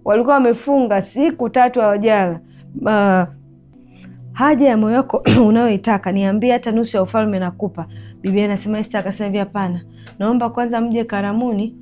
Walikuwa wamefunga siku tatu hawajala. Uh, haja ya moyo wako unayoitaka niambie, hata nusu ya ufalme nakupa. Bibi anasema Esther akasema hivi, hapana, naomba kwanza mje Karamuni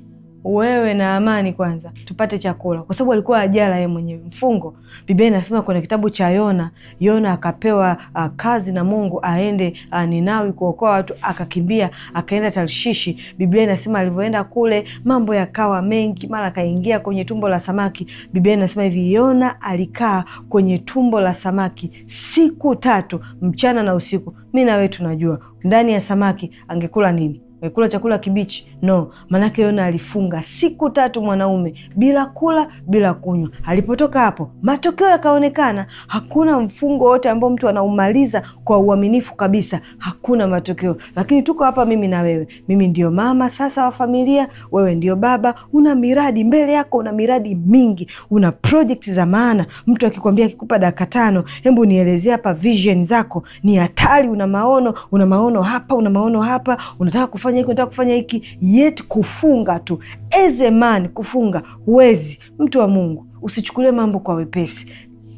wewe na Amani kwanza tupate chakula, kwa sababu alikuwa ajala yeye mwenyewe mfungo. Biblia inasema kuna kitabu cha Yona. Yona akapewa uh, kazi na Mungu aende uh, Ninawi kuokoa watu, akakimbia akaenda Tarshishi. Biblia inasema alivyoenda kule mambo yakawa mengi, mara akaingia kwenye tumbo la samaki. Biblia inasema hivi, Yona alikaa kwenye tumbo la samaki siku tatu, mchana na usiku. Mi na wewe tunajua ndani ya samaki angekula nini? Eh, kula chakula kibichi no, maanake Yona alifunga siku tatu mwanaume bila kula bila kunywa. Alipotoka hapo, matokeo yakaonekana. Hakuna mfungo wote ambao mtu anaumaliza kwa uaminifu kabisa, hakuna matokeo. Lakini tuko hapa mimi na wewe, mimi ndio mama sasa wa familia, wewe ndio baba. Una miradi mbele yako, una miradi mingi, una project za maana. Mtu akikwambia, akikupa dakika tano, hebu nielezea hapa vision zako, ni hatari. Una maono, una maono hapa, una maono hapa, unataka kufanya kufanya hiki, kufanya hiki, yet kufunga tu as a man, kufunga huwezi. Mtu wa Mungu, usichukulie mambo kwa wepesi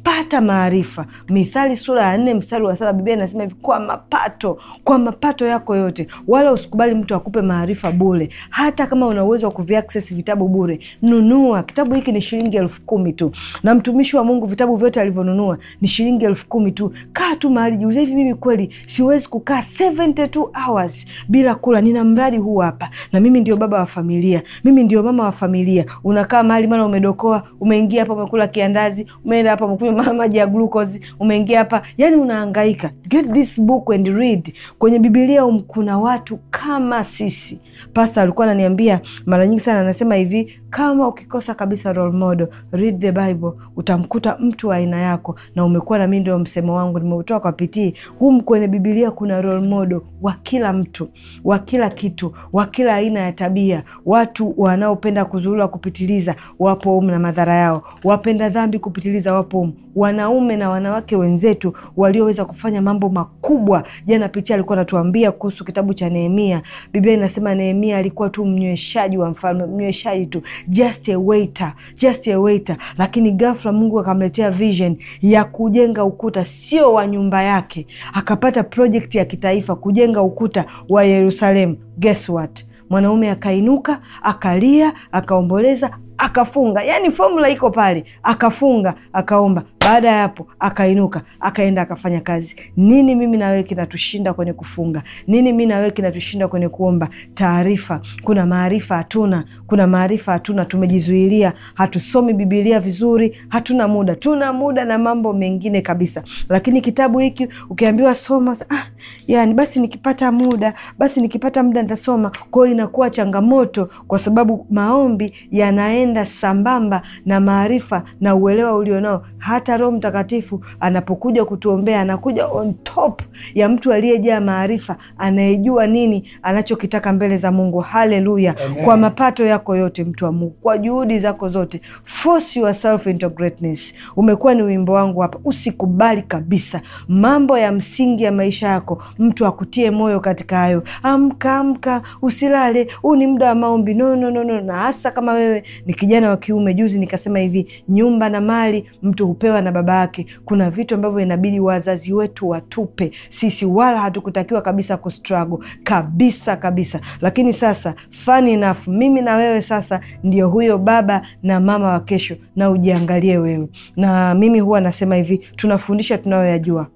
kupata maarifa. Mithali sura ya nne mstari wa saba Biblia inasema hivi, kwa mapato, kwa mapato yako yote, wala usikubali mtu akupe maarifa bure. Hata kama una uwezo wa kuviaccess vitabu bure, nunua kitabu hiki. Ni shilingi elfu kumi tu, na mtumishi wa Mungu vitabu vyote alivyonunua ni shilingi elfu kumi tu. Kaa tu mahali, jiulize hivi, mimi kweli siwezi kukaa 72 hours bila kula? Nina mradi huu hapa, na mimi ndio baba wa familia, mimi ndio mama wa familia. Unakaa mahali, maana umedokoa, umeingia hapa, umekula kiandazi, umeenda hapa, umekunywa umetumia maji ya glucose, umeingia hapa, yani unahangaika. Get this book and read. Kwenye bibilia um, kuna watu kama sisi. Pasta alikuwa ananiambia mara nyingi sana, anasema hivi, kama ukikosa kabisa role model, read the Bible, utamkuta mtu wa aina yako. Na umekuwa na mimi, ndio msemo wangu nimeutoa kwa pitii hum. Kwenye Biblia kuna role model wa kila mtu, wa kila kitu, wa kila aina ya tabia. Watu wanaopenda kuzuhula kupitiliza wapo humu na madhara yao, wapenda dhambi kupitiliza wapo humu wanaume na wanawake wenzetu walioweza kufanya mambo makubwa. Jana Pitia alikuwa anatuambia kuhusu kitabu cha Nehemia. Biblia inasema Nehemia alikuwa tu mnyweshaji wa mfalme, mnyweshaji tu, just a waiter, just a waiter. Lakini ghafla Mungu akamletea vision ya kujenga ukuta, sio wa nyumba yake, akapata project ya kitaifa kujenga ukuta wa Yerusalemu. Guess what? Mwanaume akainuka akalia akaomboleza akafunga, yani formula iko pale, akafunga akaomba. Baada ya hapo akainuka akaenda akafanya kazi. Nini mimi na wewe kinatushinda kwenye kufunga? Nini mimi na wewe kinatushinda kwenye kuomba? Taarifa. Kuna maarifa hatuna, kuna maarifa hatuna, tumejizuilia, hatusomi Bibilia vizuri, hatuna muda, tuna muda na mambo mengine kabisa. Lakini kitabu hiki ukiambiwa soma, ah, yani basi nikipata muda, basi nikipata muda nitasoma. Kwa hiyo inakuwa changamoto, kwa sababu maombi yanaenda sambamba na maarifa na uelewa ulionao hata hata Roho Mtakatifu anapokuja kutuombea anakuja on top ya mtu aliyejaa maarifa, anayejua nini anachokitaka mbele za Mungu. Haleluya! Kwa mapato yako yote, mtu wa Mungu, kwa juhudi zako zote, force yourself into greatness. Umekuwa ni wimbo wangu hapa. Usikubali kabisa mambo ya msingi ya maisha yako mtu akutie moyo katika hayo. Amka, amka, usilale, huu ni muda wa maombi. No, no, no, no. Na hasa kama wewe ni kijana wa kiume, juzi nikasema hivi, nyumba na mali mtu hupewa na baba yake, kuna vitu ambavyo inabidi wazazi wetu watupe sisi, wala hatukutakiwa kabisa kustruggle kabisa kabisa. Lakini sasa funny enough, mimi na wewe sasa ndio huyo baba na mama wa kesho, na ujiangalie wewe. Na mimi huwa nasema hivi, tunafundisha tunayoyajua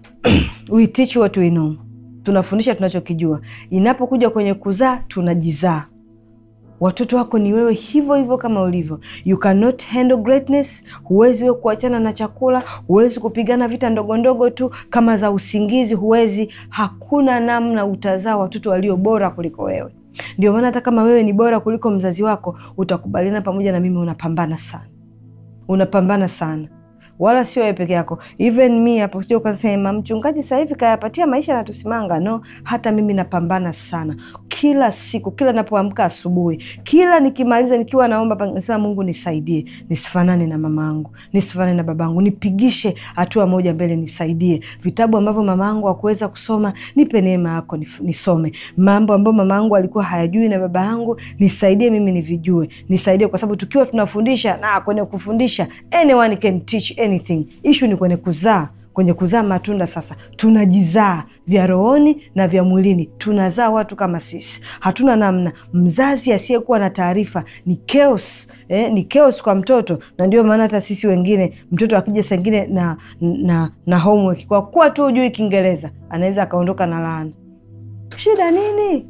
we teach what we know tunafundisha tunachokijua. Inapokuja kwenye kuzaa tunajizaa watoto wako ni wewe hivyo hivyo kama ulivyo. You cannot handle greatness. Huwezi wewe kuachana na chakula, huwezi kupigana vita ndogo ndogo tu kama za usingizi, huwezi. Hakuna namna, utazaa watoto walio bora kuliko wewe. Ndio maana hata kama wewe ni bora kuliko mzazi wako, utakubaliana pamoja na mimi, unapambana sana, unapambana sana wala sio wewe peke yako. Even me hapo sio ukasema mchungaji sasa hivi kayapatia maisha na tusimanga No, hata mimi napambana sana kila siku, kila napoamka asubuhi, kila nikimaliza nikiwa naomba, nasema Mungu nisaidie, nisifanane na mamaangu, nisifanane na babangu, nipigishe hatua moja mbele, nisaidie vitabu ambavyo mamaangu hakuweza kusoma, nipe neema yako nisome mambo ambayo mamaangu alikuwa hayajui na baba yangu, nisaidie mimi nivijue, nisaidie kwa sababu tukiwa tunafundisha na kwenye kufundisha anyone can teach anything. Ishu ni kwenye kuzaa, kwenye kuzaa matunda. Sasa tunajizaa vya rohoni na vya mwilini, tunazaa watu kama sisi, hatuna namna. Mzazi asiyekuwa na taarifa ni chaos, eh, ni chaos kwa mtoto, na ndio maana hata sisi wengine, mtoto akija sangine na, na, na homework kwa kuwa tu hujui Kiingereza anaweza akaondoka na laana. Shida nini?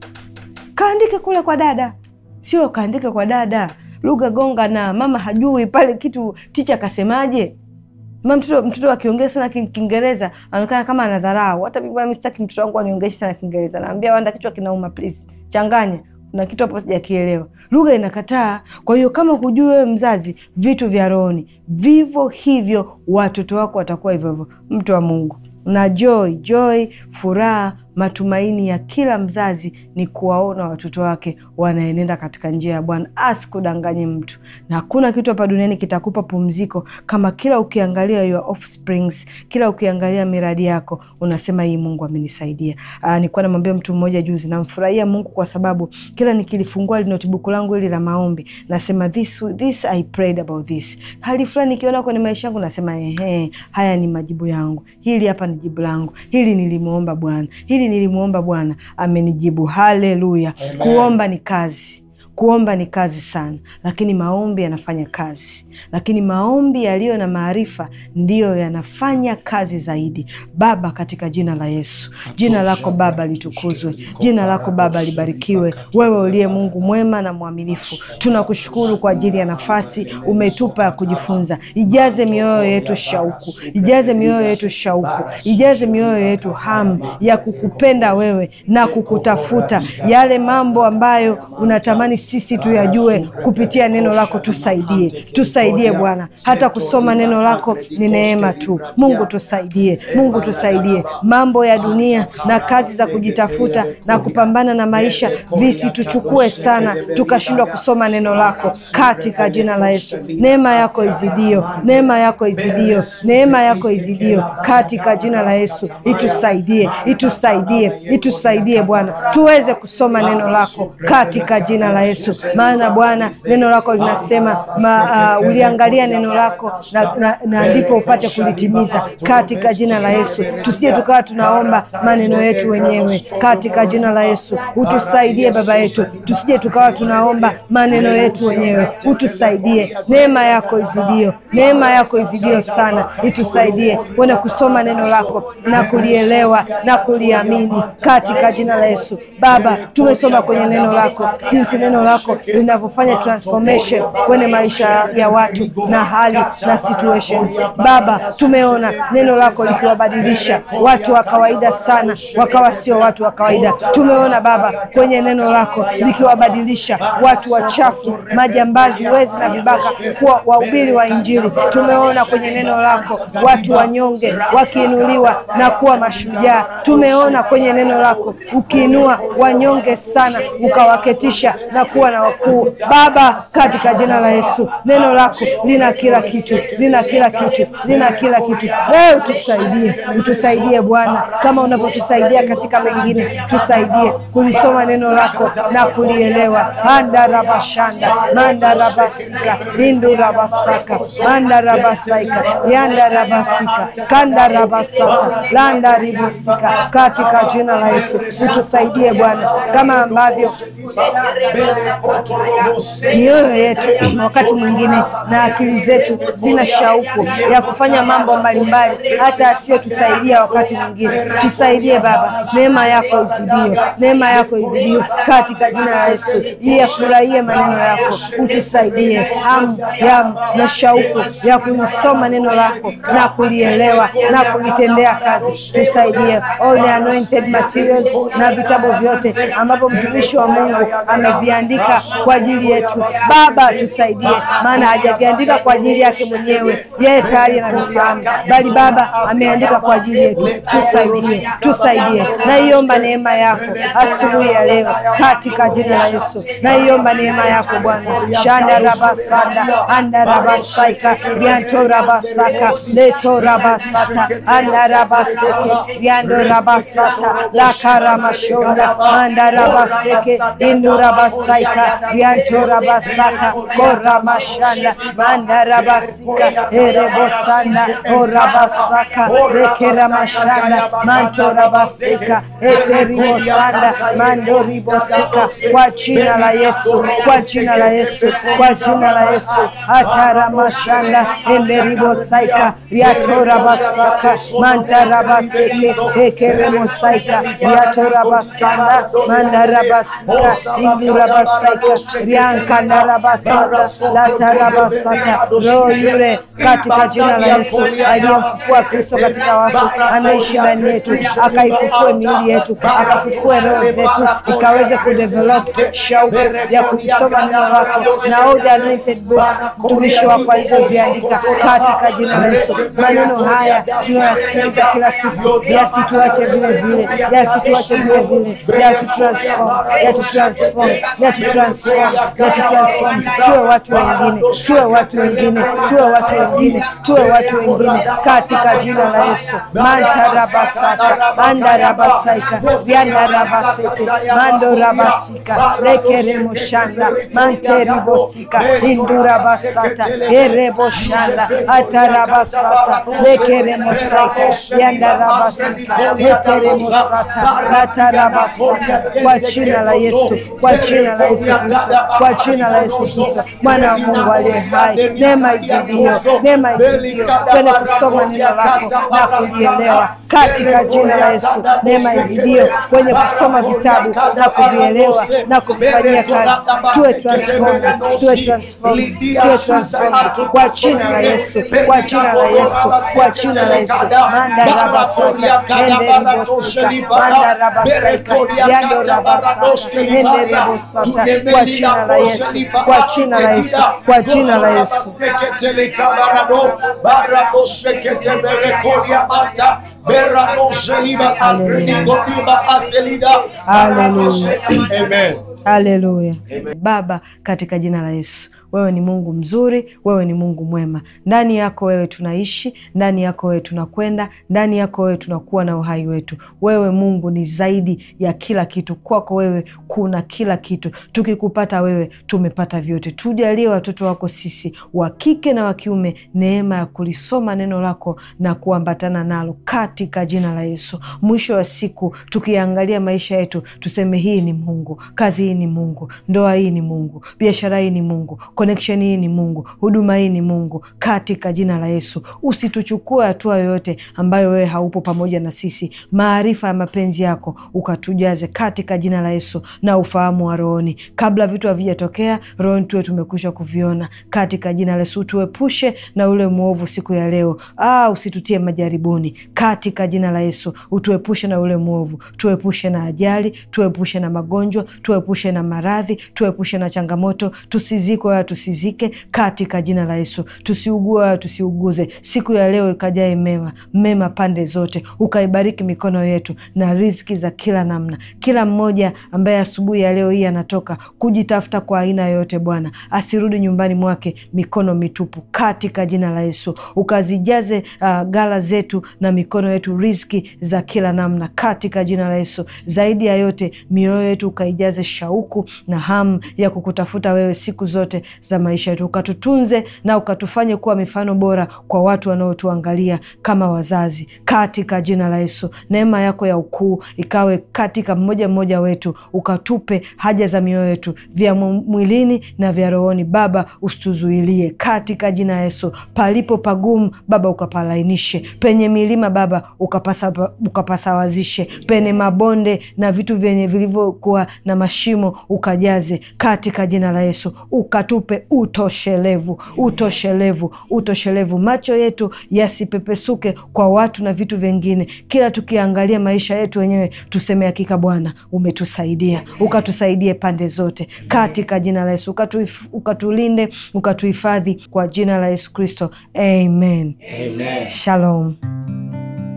Kaandike kule kwa dada, sio kaandike kwa dada lugha gonga na mama hajui pale kitu ticha kasemaje. Mama mtoto mtoto akiongea sana Kiingereza anaonekana kama anadharau. Hata bibi mimi sitaki mtoto wangu aniongeeshe sana Kiingereza. Naambia Wanda kichwa kinauma please. Changanya. Kuna kitu hapo sijakielewa. Lugha inakataa. Kwa hiyo kama hujui wewe mzazi vitu vya rohoni, vivyo hivyo watoto wako watakuwa hivyo hivyo. Mtu wa Mungu. Na joy, joy, furaha, matumaini ya kila mzazi ni kuwaona watoto wake wanaenenda katika njia ya Bwana. Asikudanganye mtu, na hakuna kitu hapa duniani kitakupa pumziko kama kila ukiangalia your offsprings, kila ukiangalia miradi yako unasema hii Mungu amenisaidia. Ah, nikuwa namwambia mtu mmoja juzi, namfurahia Mungu kwa sababu kila nikilifungua linotibuku langu hili la maombi nasema this, this I prayed about this. Hali fulani ikiona kwenye maisha yangu nasema ehe, haya ni majibu yangu, hili hapa ni jibu langu, hili nilimwomba Bwana, hili lakini nilimwomba Bwana amenijibu. Haleluya! Kuomba ni kazi Kuomba ni kazi sana, lakini maombi yanafanya kazi, lakini maombi yaliyo na maarifa ndiyo yanafanya kazi zaidi. Baba, katika jina la Yesu, jina lako Baba litukuzwe, jina lako Baba libarikiwe. Wewe uliye Mungu mwema na mwaminifu, tunakushukuru kwa ajili ya nafasi umetupa ya kujifunza. Ijaze mioyo yetu shauku, ijaze mioyo yetu shauku, ijaze mioyo yetu hamu ya kukupenda wewe na kukutafuta, yale mambo ambayo unatamani sisi tuyajue kupitia neno lako, tusaidie, tusaidie Bwana. Hata kusoma neno lako ni neema tu. Mungu tusaidie, Mungu tusaidie. Mambo ya dunia na kazi za kujitafuta na kupambana na maisha visituchukue sana, tukashindwa kusoma neno lako, katika jina la Yesu. Neema yako izidio, neema yako izidio, neema yako izidio, katika jina la Yesu. Itusaidie, itusaidie, itusaidie Bwana, tuweze kusoma neno lako katika jina la Yesu. Yesu, maana Bwana neno lako linasema ma, uh, uliangalia neno lako na, na, na ndipo upate kulitimiza katika jina la Yesu. Tusije tukawa tunaomba maneno yetu wenyewe katika jina la Yesu. Utusaidie Baba yetu, tusije tukawa tunaomba maneno yetu wenyewe. Utusaidie, neema yako izidio, neema yako izidio sana itusaidie kuenda kusoma neno lako na kulielewa na kuliamini katika jina la Yesu. Baba, tumesoma kwenye neno lako jinsi neno lako linavyofanya transformation kwenye maisha ya watu na hali na situations. Baba, tumeona neno lako likiwabadilisha watu wa kawaida sana wakawa sio watu wa kawaida. Tumeona Baba kwenye neno lako likiwabadilisha watu wachafu, majambazi, wezi na vibaka kuwa wahubiri wa Injili. Tumeona kwenye neno lako watu wanyonge wakiinuliwa na kuwa mashujaa. Tumeona kwenye neno lako ukiinua wanyonge sana ukawaketisha na kuwa na wakuu. Baba, katika jina la Yesu, neno lako lina kila kitu, lina kila kitu, lina kila kitu. Wewe utusaidie, utusaidie Bwana, kama unavyotusaidia katika mengine, tusaidie kulisoma neno lako na kulielewa. andarabashanda mandarabasika lindurabasaka mandarabasaika yandarabasika kandarabasaka landaribusika katika jina la Yesu utusaidie Bwana kama ambavyo mioyo yetu na wakati mwingine na akili zetu zina shauku ya kufanya mambo mbalimbali hata asiyotusaidia wakati mwingine. Tusaidie Baba, neema yako izidie, neema yako izidie katika jina la Yesu, ili afurahie maneno yako. Utusaidie hamu yamu na shauku ya kulisoma neno lako na kulielewa na kulitendea kazi. Tusaidie all the anointed materials na vitabu vyote ambavyo mtumishi wa Mungu ameviandika hajaviandika kwa ajili yetu. Baba tusaidie, maana hajaviandika kwa ajili yake mwenyewe, yeye tayari anafahamu, bali Baba ameandika kwa ajili yetu. Tusaidie, tusaidie. Naiomba neema yako asubuhi ya leo katika jina la Yesu. Naiomba neema yako Bwana shanda rabasanda anda rabasaika rianto rabasaka leto rabasata anda rabaseke riando rabasata lakaramashola anda rabaseke indu rabasaka baika yanchora basaka kora mashana mandara basika erebosana kora basaka rekera mashana manchora basika eteribosana mandoribosika kwa jina la Yesu kwa jina la Yesu kwa jina la Yesu atara mashana enderibosaika yatora basaka mantara basike ekeremosai Rabasaika, Yato Rabasana, Manda Rabasika, Indu tarabasata rianka narabasata la tarabasata roho yule katika jina la Yesu aliyemfufua Kristo katika wafu anaishi ndani yetu, akaifufue miili yetu, akafufue roho zetu, ikaweze kudevelop shauku ya kuisoma neno lako na all anointed books mtumishi wako alizoziandika katika jina la Yesu. Maneno haya tunayasikiliza kila siku, yasituache vile vile, yasituache vile vile, yatutransform, yatutransform umetutransfea, umetutransform, tuwe watu wengine, tuwe watu wengine, tuwe watu wengine, tuwe watu wengine katika jina la Yesu. mantarabasata mandarabasaika vyandarabasete mandorabasika rekeremoshanda manteribosika indurabasata ereboshanda atarabasata rekeremosaika vyandarabasika eteremosata katarabasata kwa jina la Yesu, kwa jina la Yesu Kristo, kwa jina la Yesu Kristo, mwana wa Mungu aliye hai, neema izidio, neema izidio, twende kusoma neno lako na kulielewa katika jina la Yesu, neema izidio kwenye kusoma vitabu na kuvielewa na kuvifanyia kazi, tuwe transformed, tuwe transformed, tuwe transformed kwa jina la Yesu, kwa jina la Yesu, kwa jina la Yesu, manda rabasaka nende ribosuka, manda rabasaka yando rabasaka nende ribosuka vita kwa jina la Yesu, kwa jina la Yesu, kwa jina la Yesu. Haleluya. Baba, katika jina la Yesu wewe ni Mungu mzuri, wewe ni Mungu mwema. Ndani yako wewe tunaishi, ndani yako wewe tunakwenda, ndani yako wewe tunakuwa na uhai wetu. Wewe Mungu ni zaidi ya kila kitu, kwako wewe kuna kila kitu. Tukikupata wewe tumepata vyote. Tujalie watoto wako sisi wa kike na wa kiume neema ya kulisoma neno lako na kuambatana nalo katika jina la Yesu. Mwisho wa siku tukiangalia maisha yetu tuseme, hii ni Mungu, kazi hii ni Mungu, ndoa hii ni Mungu, biashara hii ni Mungu, connection hii ni Mungu, huduma hii ni Mungu katika jina la Yesu. Usituchukue hatua yoyote ambayo wewe haupo pamoja na sisi. Maarifa ya mapenzi yako ukatujaze katika jina la Yesu na ufahamu wa rohoni, kabla vitu havijatokea rohoni tuwe tumekwisha kuviona katika jina la Yesu. Tuepushe na ule mwovu siku ya leo. Ah, usitutie majaribuni katika jina la Yesu. Utuepushe na ule mwovu, tuepushe na ajali, tuepushe na magonjwa, tuepushe na maradhi, tuepushe na changamoto, tusizikwe tusizike katika jina la Yesu. Tusiugua, tusiuguze. Siku ya leo ikajae mema mema pande zote, ukaibariki mikono yetu na riziki za kila namna. Kila mmoja ambaye asubuhi ya leo hii anatoka kujitafuta kwa aina yoyote, Bwana asirudi nyumbani mwake mikono mitupu, katika jina la Yesu. Ukazijaze uh, gala zetu na mikono yetu riziki za kila namna, katika jina la Yesu. Zaidi ya yote, mioyo yetu ukaijaze shauku na hamu ya kukutafuta wewe siku zote za maisha yetu, ukatutunze na ukatufanye kuwa mifano bora kwa watu wanaotuangalia kama wazazi, katika jina la Yesu. Neema yako ya ukuu ikawe katika mmoja mmoja wetu, ukatupe haja za mioyo yetu, vya mwilini na vya rohoni. Baba, usituzuilie katika jina la Yesu. Palipo pagumu Baba ukapalainishe, penye milima Baba ukapasa, ukapasawazishe, penye mabonde na vitu vyenye vilivyokuwa na mashimo ukajaze, katika jina la Yesu ukatupe tupe utoshelevu, utoshelevu, utoshelevu. Macho yetu yasipepesuke kwa watu na vitu vingine. Kila tukiangalia maisha yetu wenyewe, tuseme hakika Bwana umetusaidia, ukatusaidie pande zote, katika jina la Yesu, ukatulinde, ukatuhifadhi kwa jina la Yesu Kristo, amen, amen. Shalom.